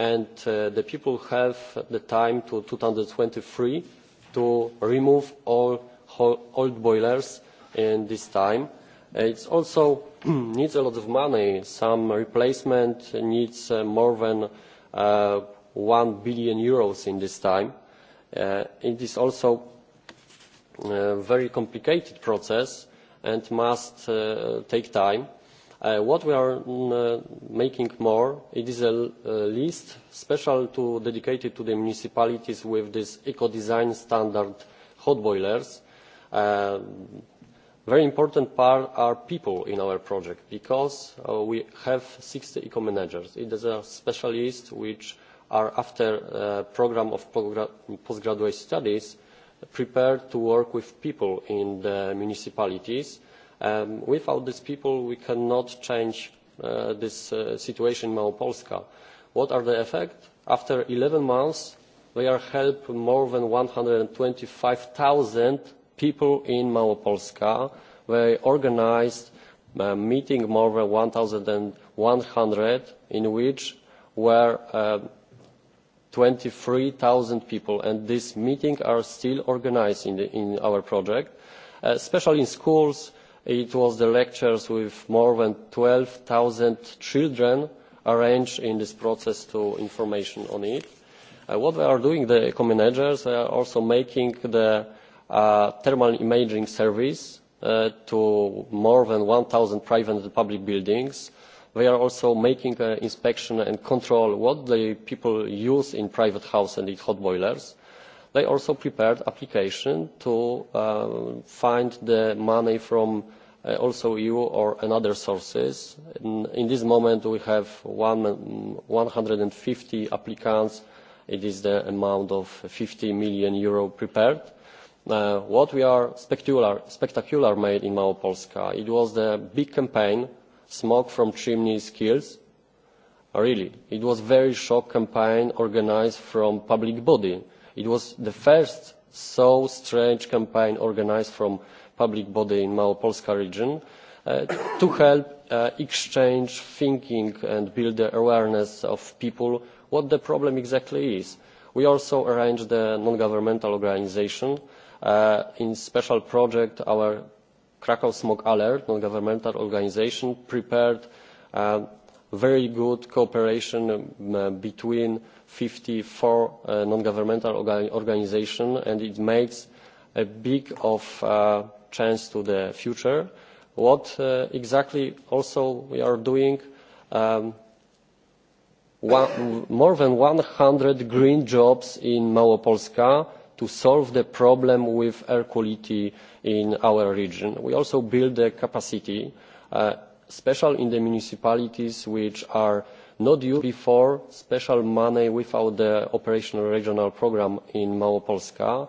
and uh, the people have the time to three to remove all old boilers in this time. Uh, it also needs a lot of money. Some replacement needs uh, more than uh, 1 billion euros in this time. Uh, it is also a very complicated process and must uh, take time Uh, what we are mm, uh, making more it is a, list special to, dedicated to the municipalities with this eco design standard hot boilers. a uh, very important part are people in our project because we have sixty eco managers. it is a specialist which are after a programme of postgraduate studies prepared to work with people in the municipalities Um, without these people we cannot change uh, this uh, situation in Małopolska. What are the effects? After 11 months they are helping more than 125,000 people in Małopolska. They organised a uh, meeting more than 1,100 in which were uh, um, 23,000 people and these meetings are still organised in, in, our project, uh, especially in schools, It was the lectures with more than 12,000 children arranged in this process to information on it. Uh, what they are doing, the eco managers, they are also making the uh, thermal imaging service uh, to more than 1,000 private and public buildings. They are also making uh, inspection and control what the people use in private house and in hot boilers they also prepared application to um, find the money from uh, also EU or another sources. In, in this moment, we have one, um, 150 applicants. It is the amount of 50 million euro prepared. Uh, what we are spectacular, spectacular made in Małopolska, it was the big campaign, Smoke from Chimneys Kills. Really, it was very short campaign organized from public body it was the first so strange campaign organised from a public body in małopolska region uh, to help uh, exchange thinking and build the awareness of people what the problem exactly is. we also arranged a non governmental organisation in uh, in special project our krakow smog alert non governmental organisation prepared very good cooperation um, between fifty four uh, non-governmental organisations and it makes a big of uh, chance to the future. What uh, exactly also we are doing, um, one, more than 100 green jobs in Małopolska to solve the problem with air quality in our region. We also build the capacity, uh, special in the municipalities which are not due before special money without the operational regional programme in małopolska. Uh,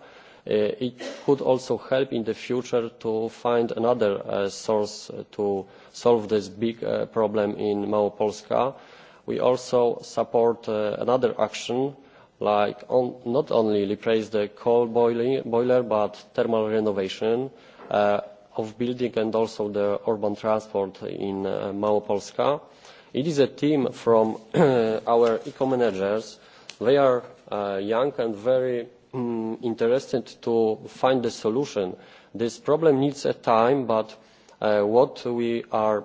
it could also help in the future to find another uh, source to solve this big uh, problem in małopolska. we also support another action like not only replace the coal boiler but thermal renovation of building and also the urban transport in Małopolska. It is a team from uh, our eco-managers. They are uh, young and very um, interested to find the solution. This problem needs a time, but uh, what we are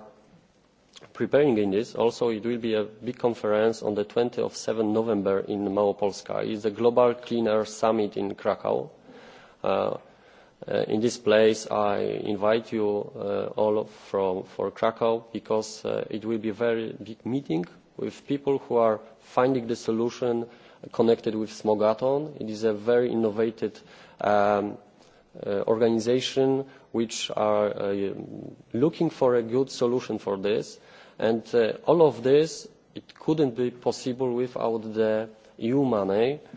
preparing in this, also it will be a big conference on the 20th of 7 November in Małopolska. is a Global Clean Air Summit in Krakow. Uh, Uh, in this place i invite you uh, all from for krakow because uh, it will be a very big meeting with people who are finding the solution connected with smogaton. it is a very innovative um, uh, organisation which are uh, looking for a good solution for this and uh, all of this it couldn't be possible without the eu money. Uh,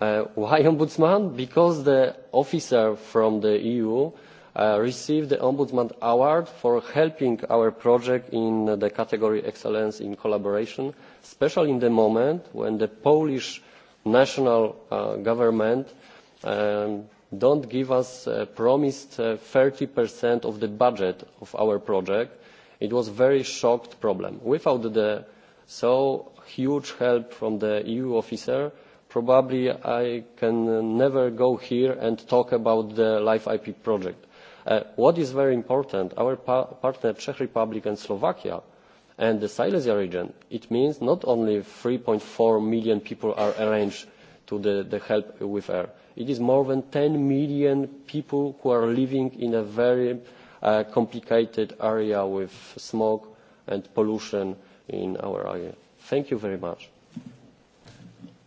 Uh, why ombudsman? Because the officer from the EU uh, received the Ombudsman Award for helping our project in the category Excellence in Collaboration, especially in the moment when the Polish national uh, government does um, don't give us the promised thirty 30% of the budget of our project. It was a very shocked problem. Without the so huge help from the EU officer, probably I can uh, never go here and talk about the Life IP project. Uh, what is very important, our pa partner Czech Republic and Slovakia and the Silesia region, it means not only 3.4 million people are arranged to the, the help with air. It is more than 10 million people who are living in a very uh, complicated area with smoke and pollution in our area. Thank you very much.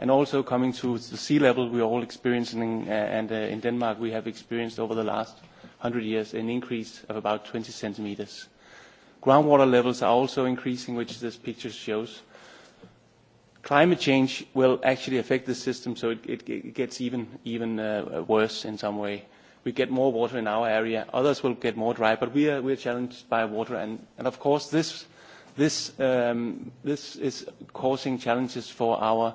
and also coming to the sea level we are all experiencing, uh, and uh, in Denmark we have experienced over the last 100 years an increase of about 20 centimeters. Groundwater levels are also increasing, which this picture shows. Climate change will actually affect the system, so it, gets even, uh, worse in some way. We get more water in our area, others will get more dry, but we are, challenged by water. And, of course, um, this is causing challenges for our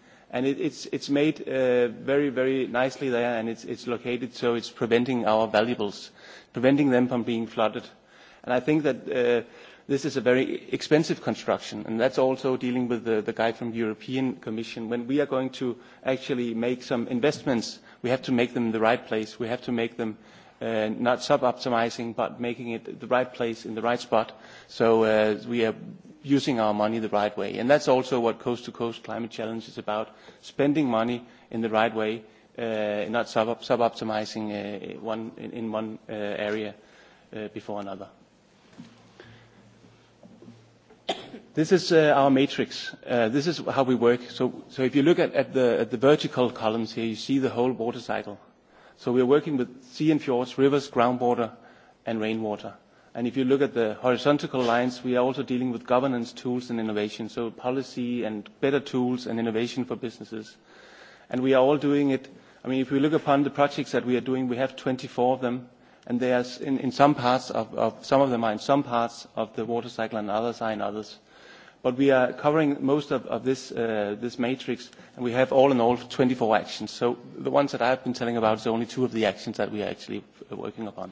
and it's, it's made uh, very, very nicely there, and it's, it's located so it's preventing our valuables, preventing them from being flooded. And I think that uh, this is a very expensive construction, and that's also dealing with the, the guy from the European Commission. When we are going to actually make some investments, we have to make them in the right place. We have to make them uh, not sub-optimizing, but making it the right place in the right spot. So uh, we are using our money the right way. And that's also what Coast to Coast Climate Challenge is about, spending money in the right way, uh, not sub-optimizing sub, uh, one, in, in one uh, area uh, before another. This is uh, our matrix. Uh, this is how we work. So, so if you look at, at, the, at the vertical columns here, you see the whole water cycle. So we're working with sea and fjords, rivers, groundwater, and rainwater. And if you look at the horizontal lines, we are also dealing with governance tools and innovation, so policy and better tools and innovation for businesses. And we are all doing it. I mean, if we look upon the projects that we are doing, we have 24 of them, and they are in, in some parts of, of some of them are in some parts of the water cycle, and others are in others. But we are covering most of, of this, uh, this matrix, and we have all in all 24 actions. So the ones that I have been telling about is only two of the actions that we are actually uh, working upon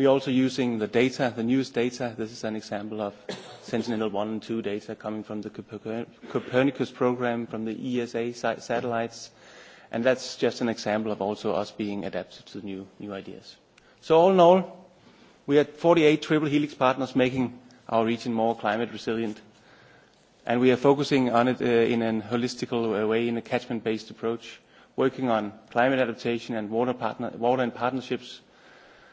We're also using the data, the newest data. This is an example of Sentinel-1 and 2 data coming from the Copernicus program, from the ESA satellites. And that's just an example of also us being adapted to new, new ideas. So all in all, we had 48 triple helix partners making our region more climate resilient. And we are focusing on it uh, in a holistical uh, way, in a catchment-based approach, working on climate adaptation and water, partner, water and partnerships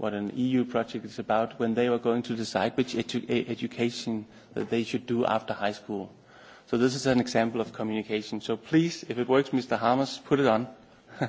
what an EU project is about when they were going to decide which edu e, education that they should do after high school. So this is an example of communication. So please, if it works, Mr. Hamas, put it on.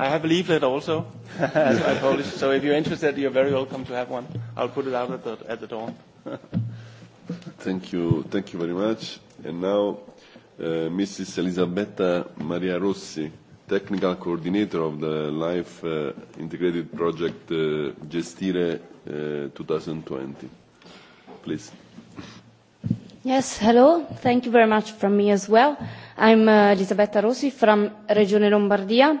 I have a leaflet also, as I published. So if you're interested, you're very welcome to have one. I'll put it out at the, at the door. Thank you. Thank you very much. And now, uh, Mrs. Elisabetta Maria Rossi, Technical Coordinator of the Life uh, Integrated Project uh, Gestire uh, 2020. Please. Yes, hello. Thank you very much from me as well. I'm uh, Elisabetta Rossi from Regione Lombardia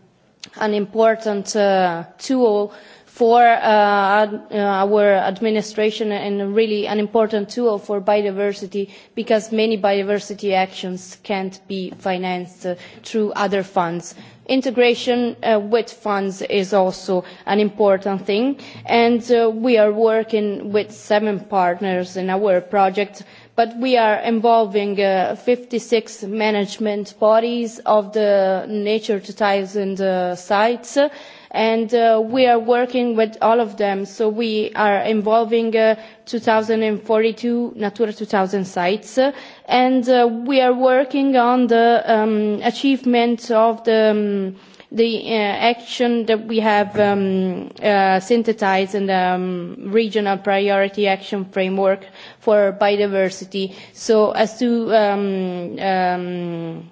an important uh, tool for uh, ad, uh, our administration and really an important tool for biodiversity because many biodiversity actions can't be financed uh, through other funds. Integration uh, with funds is also an important thing and uh, we are working with seven partners in our project but we are involving uh, 56 management bodies of the Nature 2000 uh, sites, and uh, we are working with all of them. So we are involving uh, 2042 Natura 2000 sites, and uh, we are working on the um, achievement of the um, the uh, action that we have um, uh, synthesized in the um, regional priority action framework for biodiversity so as to um, um,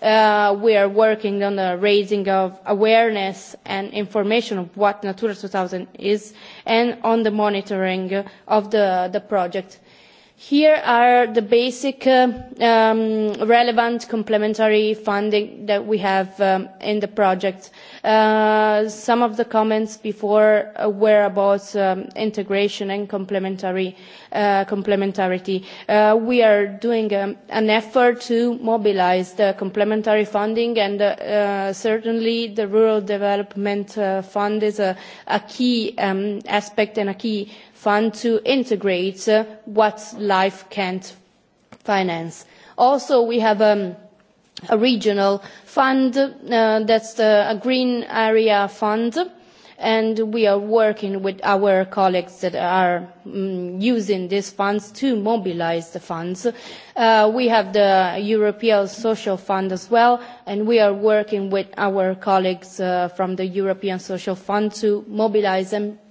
Uh, we are working on the raising of awareness and information of what Natura 2000 is and on the monitoring of the, the project. Here are the basic uh, um, relevant complementary funding that we have um, in the project. Uh, some of the comments before uh, were about um, integration and complementary, uh, complementarity. Uh, we are doing um, an effort to mobilize the complementary funding and uh, certainly the Rural Development uh, Fund is a, a key um, aspect and a key fund to integrate uh, what life can't finance. Also, we have um, a regional fund uh, that's the, a green area fund and we are working with our colleagues that are um, using these funds to mobilize the funds. Uh, we have the European Social Fund as well, and we are working with our colleagues uh, from the European Social Fund to mobilize and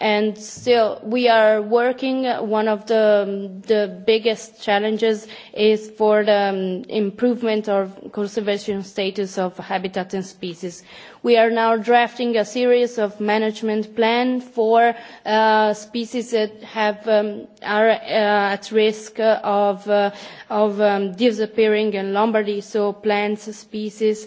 and still we are working uh, one of the um, the biggest challenges is for the um, improvement of conservation status of habitat and species we are now drafting a series of management plans for uh, species that have um, are uh, at risk of uh, of um, disappearing in lombardy so plants species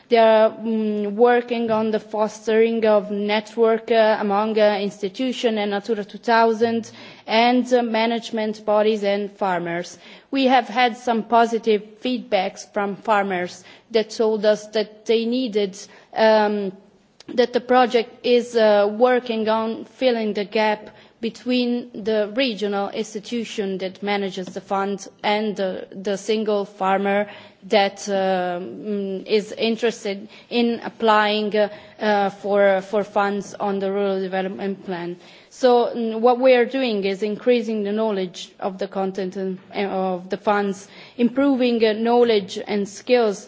They are um, mm, working on the fostering of network uh, among uh, institutions and Natura 2000 and uh, management bodies and farmers. We have had some positive feedbacks from farmers that told us that they needed um, that the project is uh, working on filling the gap between the regional institution that manages the fund and the, the single farmer that uh, mm, is interested in applying uh, for, for funds on the rural development plan. So mm, what we are doing is increasing the knowledge of the content and, uh, of the funds, improving uh, knowledge and skills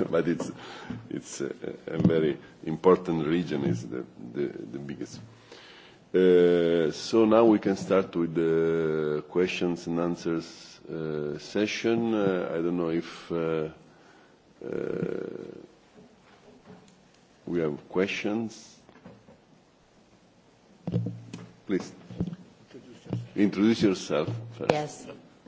but it's, it's a, a very important region, is the, the, the biggest. Uh, so now we can start with the questions and answers uh, session. Uh, I don't know if uh, uh, we have questions. Please. Introduce yourself first. Yes.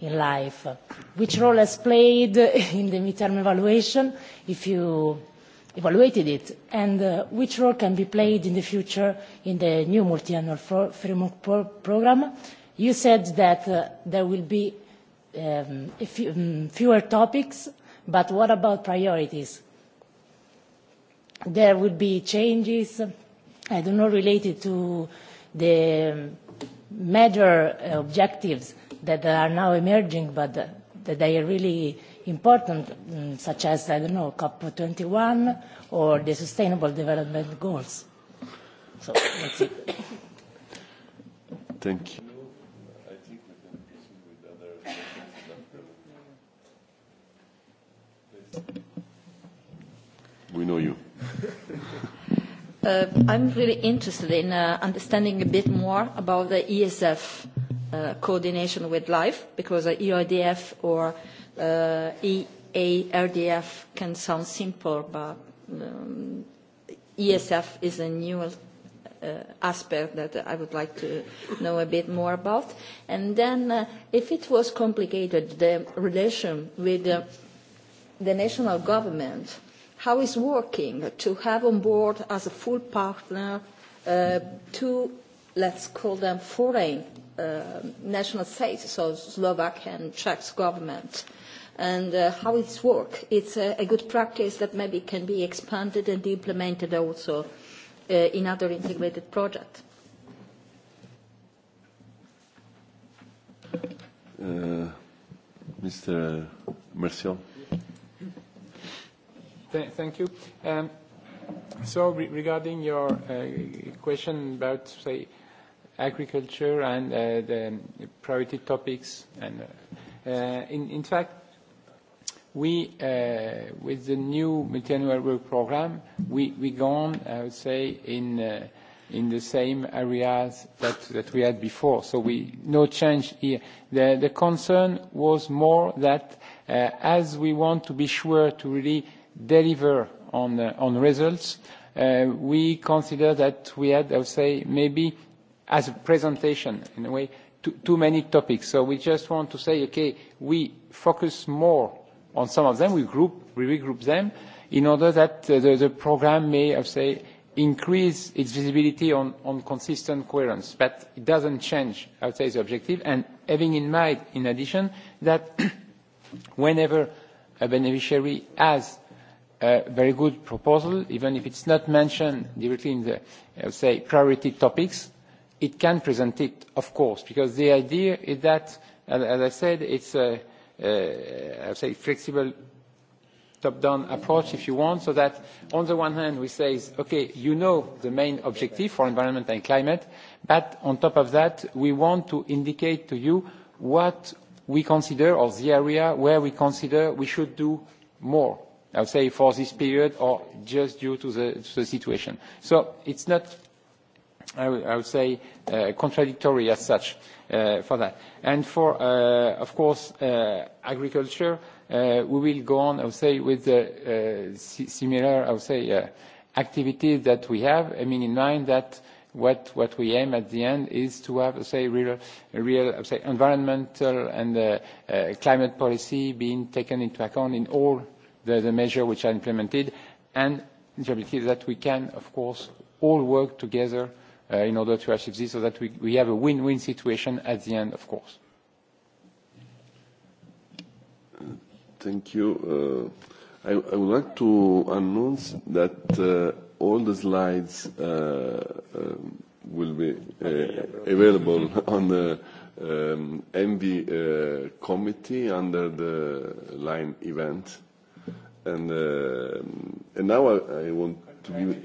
in life. Which role has played in the midterm evaluation, if you evaluated it, and uh, which role can be played in the future in the new multi-annual framework pro program? You said that uh, there will be um, a few, um, fewer topics, but what about priorities? There will be changes, I don't know, related to the major uh, objectives that are now emerging, but that they are really important, mm, such as, I don't know, COP21 or the Sustainable Development Goals. So Thank you. We know you. uh, I'm really interested in uh, understanding a bit more about the ESF Uh, coordination with LIFE because EIDF or uh, EARDF can sound simple, but um, ESF is a new uh, aspect that I would like to know a bit more about. And then uh, if it was complicated, the relation with the national government, how is working to have on board as a full partner uh, two let's call them foreign uh, national states, so Slovak and Czech government. And uh, how it's work. It's a, a good practice that maybe can be expanded and implemented also uh, in other integrated projects. Uh, Mr. Mercier. Th thank you. Um, so re regarding your uh, question about, say, agriculture and uh, the priority topics. And uh, uh, in, in fact, we, uh, with the new multi-annual work program, we, we gone, I would say, in, uh, in the same areas that, that we had before. So we, no change here. The, the concern was more that uh, as we want to be sure to really deliver on, uh, on results, uh, we consider that we had, I would say, maybe as a presentation in a way too, too many topics. So we just want to say, okay, we focus more on some of them, we group, we regroup them in order that the, the program may, I say, increase its visibility on, on consistent coherence. But it doesn't change, I would say, the objective. And having in mind, in addition, that whenever a beneficiary has a very good proposal, even if it's not mentioned directly in the, say, priority topics, it can present it, of course, because the idea is that, as, I said, it's a, a say flexible top-down approach, if you want, so that on the one hand we say, okay, you know the main objective for environment and climate, but on top of that we want to indicate to you what we consider or the area where we consider we should do more, I would say for this period or just due to the, to the situation. So it's not I would, I would say, uh, contradictory as such uh, for that. And for, uh, of course, uh, agriculture, uh, we will go on, I would say, with the uh, similar, I would say, uh, activities that we have, I mean, in mind that what, what we aim at the end is to have, say, real, real say, environmental and uh, uh, climate policy being taken into account in all the, the measures which are implemented, and the objective that we can, of course, all work together Uh, in order to achieve this so that we, we have a win-win situation at the end, of course. Thank you. Uh, I, I would like to announce that uh, all the slides uh, um, will be uh, available on the um, MV uh, committee under the line event. And, uh, and now I, I want to give...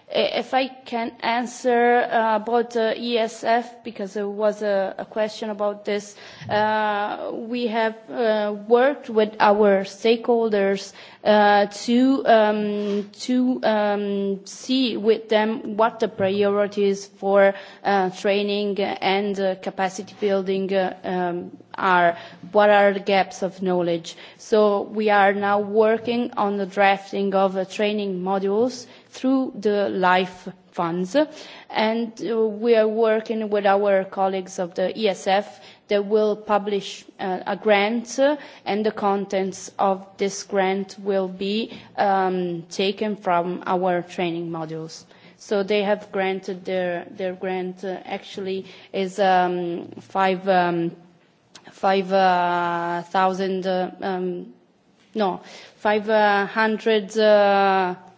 Uh, If I can answer uh, about uh, ESF, because there was a, a question about this, uh, we have uh, worked with our stakeholders uh, to um, to um, see with them what the priorities for uh, training and uh, capacity building uh, um, are, what are the gaps of knowledge. So we are now working on the drafting of uh, training modules through the life funds and uh, we are working with our colleagues of the ESF that will publish uh, a grant uh, and the contents of this grant will be um, taken from our training modules. So they have granted their, their grant uh, actually is um, five, um, five uh, thousand, uh, um, no, five hundred uh,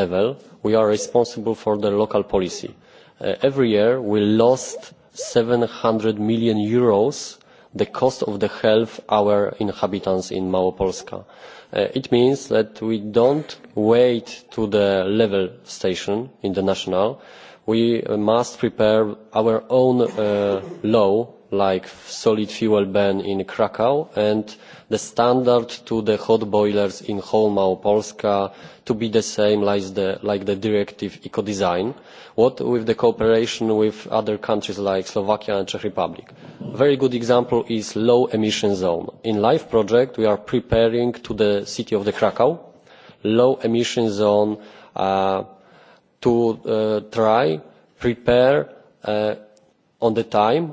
level we are responsible for the local policy. Uh, every year we lost eur seven hundred million euros the cost of the health of our inhabitants in małopolska. Uh, it means that we don't wait to the level station in the national we uh, must prepare our own law like solid fuel ban in krakow and the standard to the hot boilers in home Polska, to be the same like the, like the directive design. what with the cooperation with other countries like slovakia and czech republic. a very good example is the low emission zone. in life project we are preparing to the city of krakow a low emission zone uh, to uh, try to prepare uh, on the time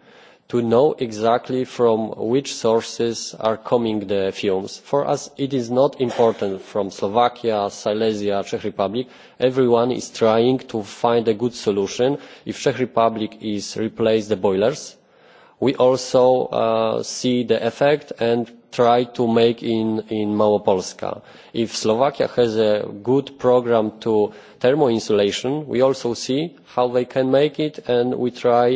to know exactly from which sources are coming the fumes. for us it is not important from slovakia silesia czech republic everyone is trying to find a good solution. if czech republic is replace the boilers we also uh, see the effect and try to make in in małopolska. if slovakia has a good programme to thermo insulation we also see how they can make it and we try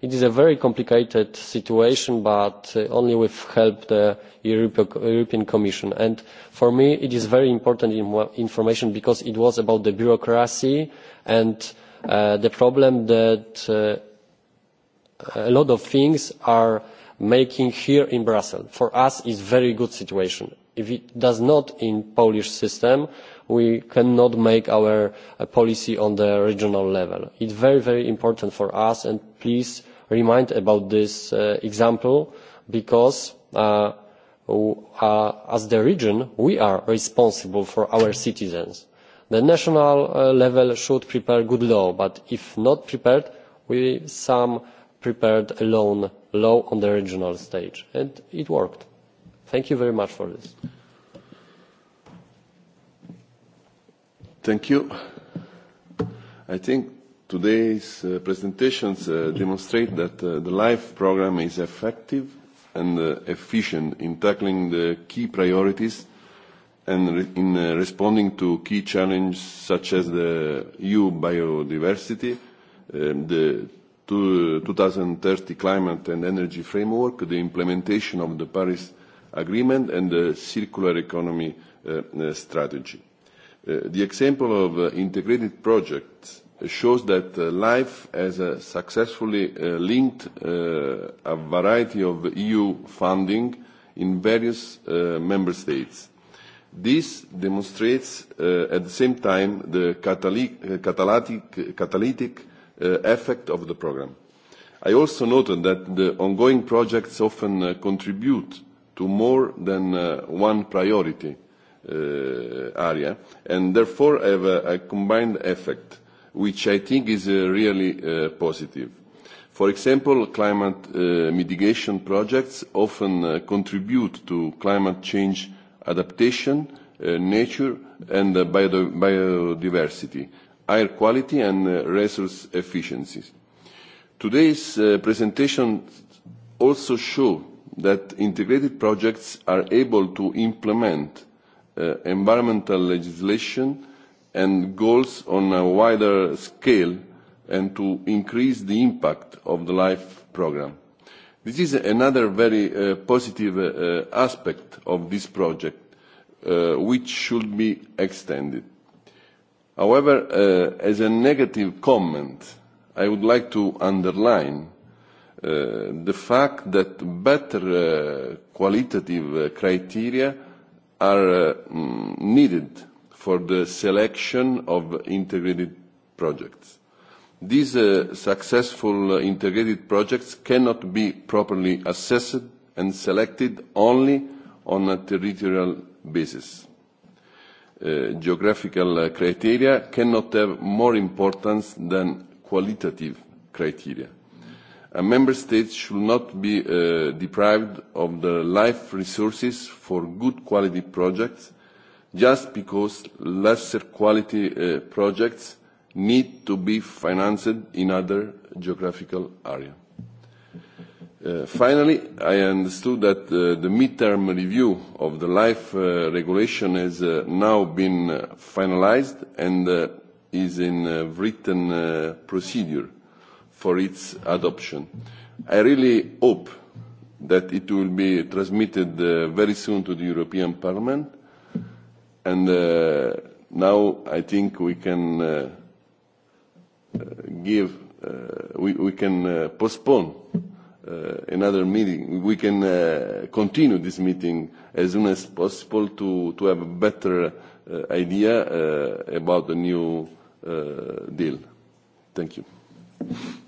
it is a very complicated situation but uh, only with help of the european commission and for me it is very important information because it was about the bureaucracy and uh, the problem that uh, a lot of things are making here in brussels. for us it is a very good situation. if it does not in the polish system we cannot make our uh, policy on the regional level. It's very, very important for us, and please remind about this uh, example, because uh, as the region, we are responsible for our citizens. The national level should prepare good law, but if not prepared, we some prepared alone law on the regional stage, and it worked. Thank you very much for this. Thank you. I think today's uh, presentations uh, demonstrate that uh, the LIFE program is effective and uh, efficient in tackling the key priorities and re in uh, responding to key challenges such as the EU biodiversity, um, the to, 2030 climate and energy framework, the implementation of the Paris Agreement and the circular economy uh, uh strategy Uh, the example of uh, integrated projects shows that uh, LIFE has successfully linked a variety of EU funding in various member states. This demonstrates at the same time the catalytic, catalytic effect of the programme. I also noted that the ongoing projects often contribute to more than one priority Uh, area, and therefore have a, combined effect, which I think is uh, really uh, positive. For example, climate mitigation projects often contribute to climate change adaptation, nature and biodiversity, air quality and resource efficiencies. Today's presentation also show that integrated projects are able to implement Uh, environmental legislation and goals on a wider scale and to increase the impact of the LIFE programme. This is another very uh, positive uh, uh, aspect of this project, uh, which should be extended. However, uh, as a negative comment, I would like to underline the fact that better qualitative criteria are uh, needed for the selection of integrated projects. These uh, successful uh, integrated projects cannot be properly assessed and selected only on a territorial basis. Uh, geographical uh, criteria cannot have more importance than qualitative criteria a member state should not be uh, deprived of the life resources for good quality projects just because lesser quality uh, projects need to be financed in other geographical areas. Uh, finally, I understood that uh, the midterm review of the life uh, regulation has uh, now been uh, finalized and uh, is in uh, written uh, procedure for its adoption. I really hope that it will be transmitted uh, very soon to the European Parliament. And uh, now I think we can uh, uh, give, uh, we, we can uh, postpone uh, another meeting. We can uh, continue this meeting as soon as possible to, to have a better uh, idea uh, about the new uh, deal. Thank you.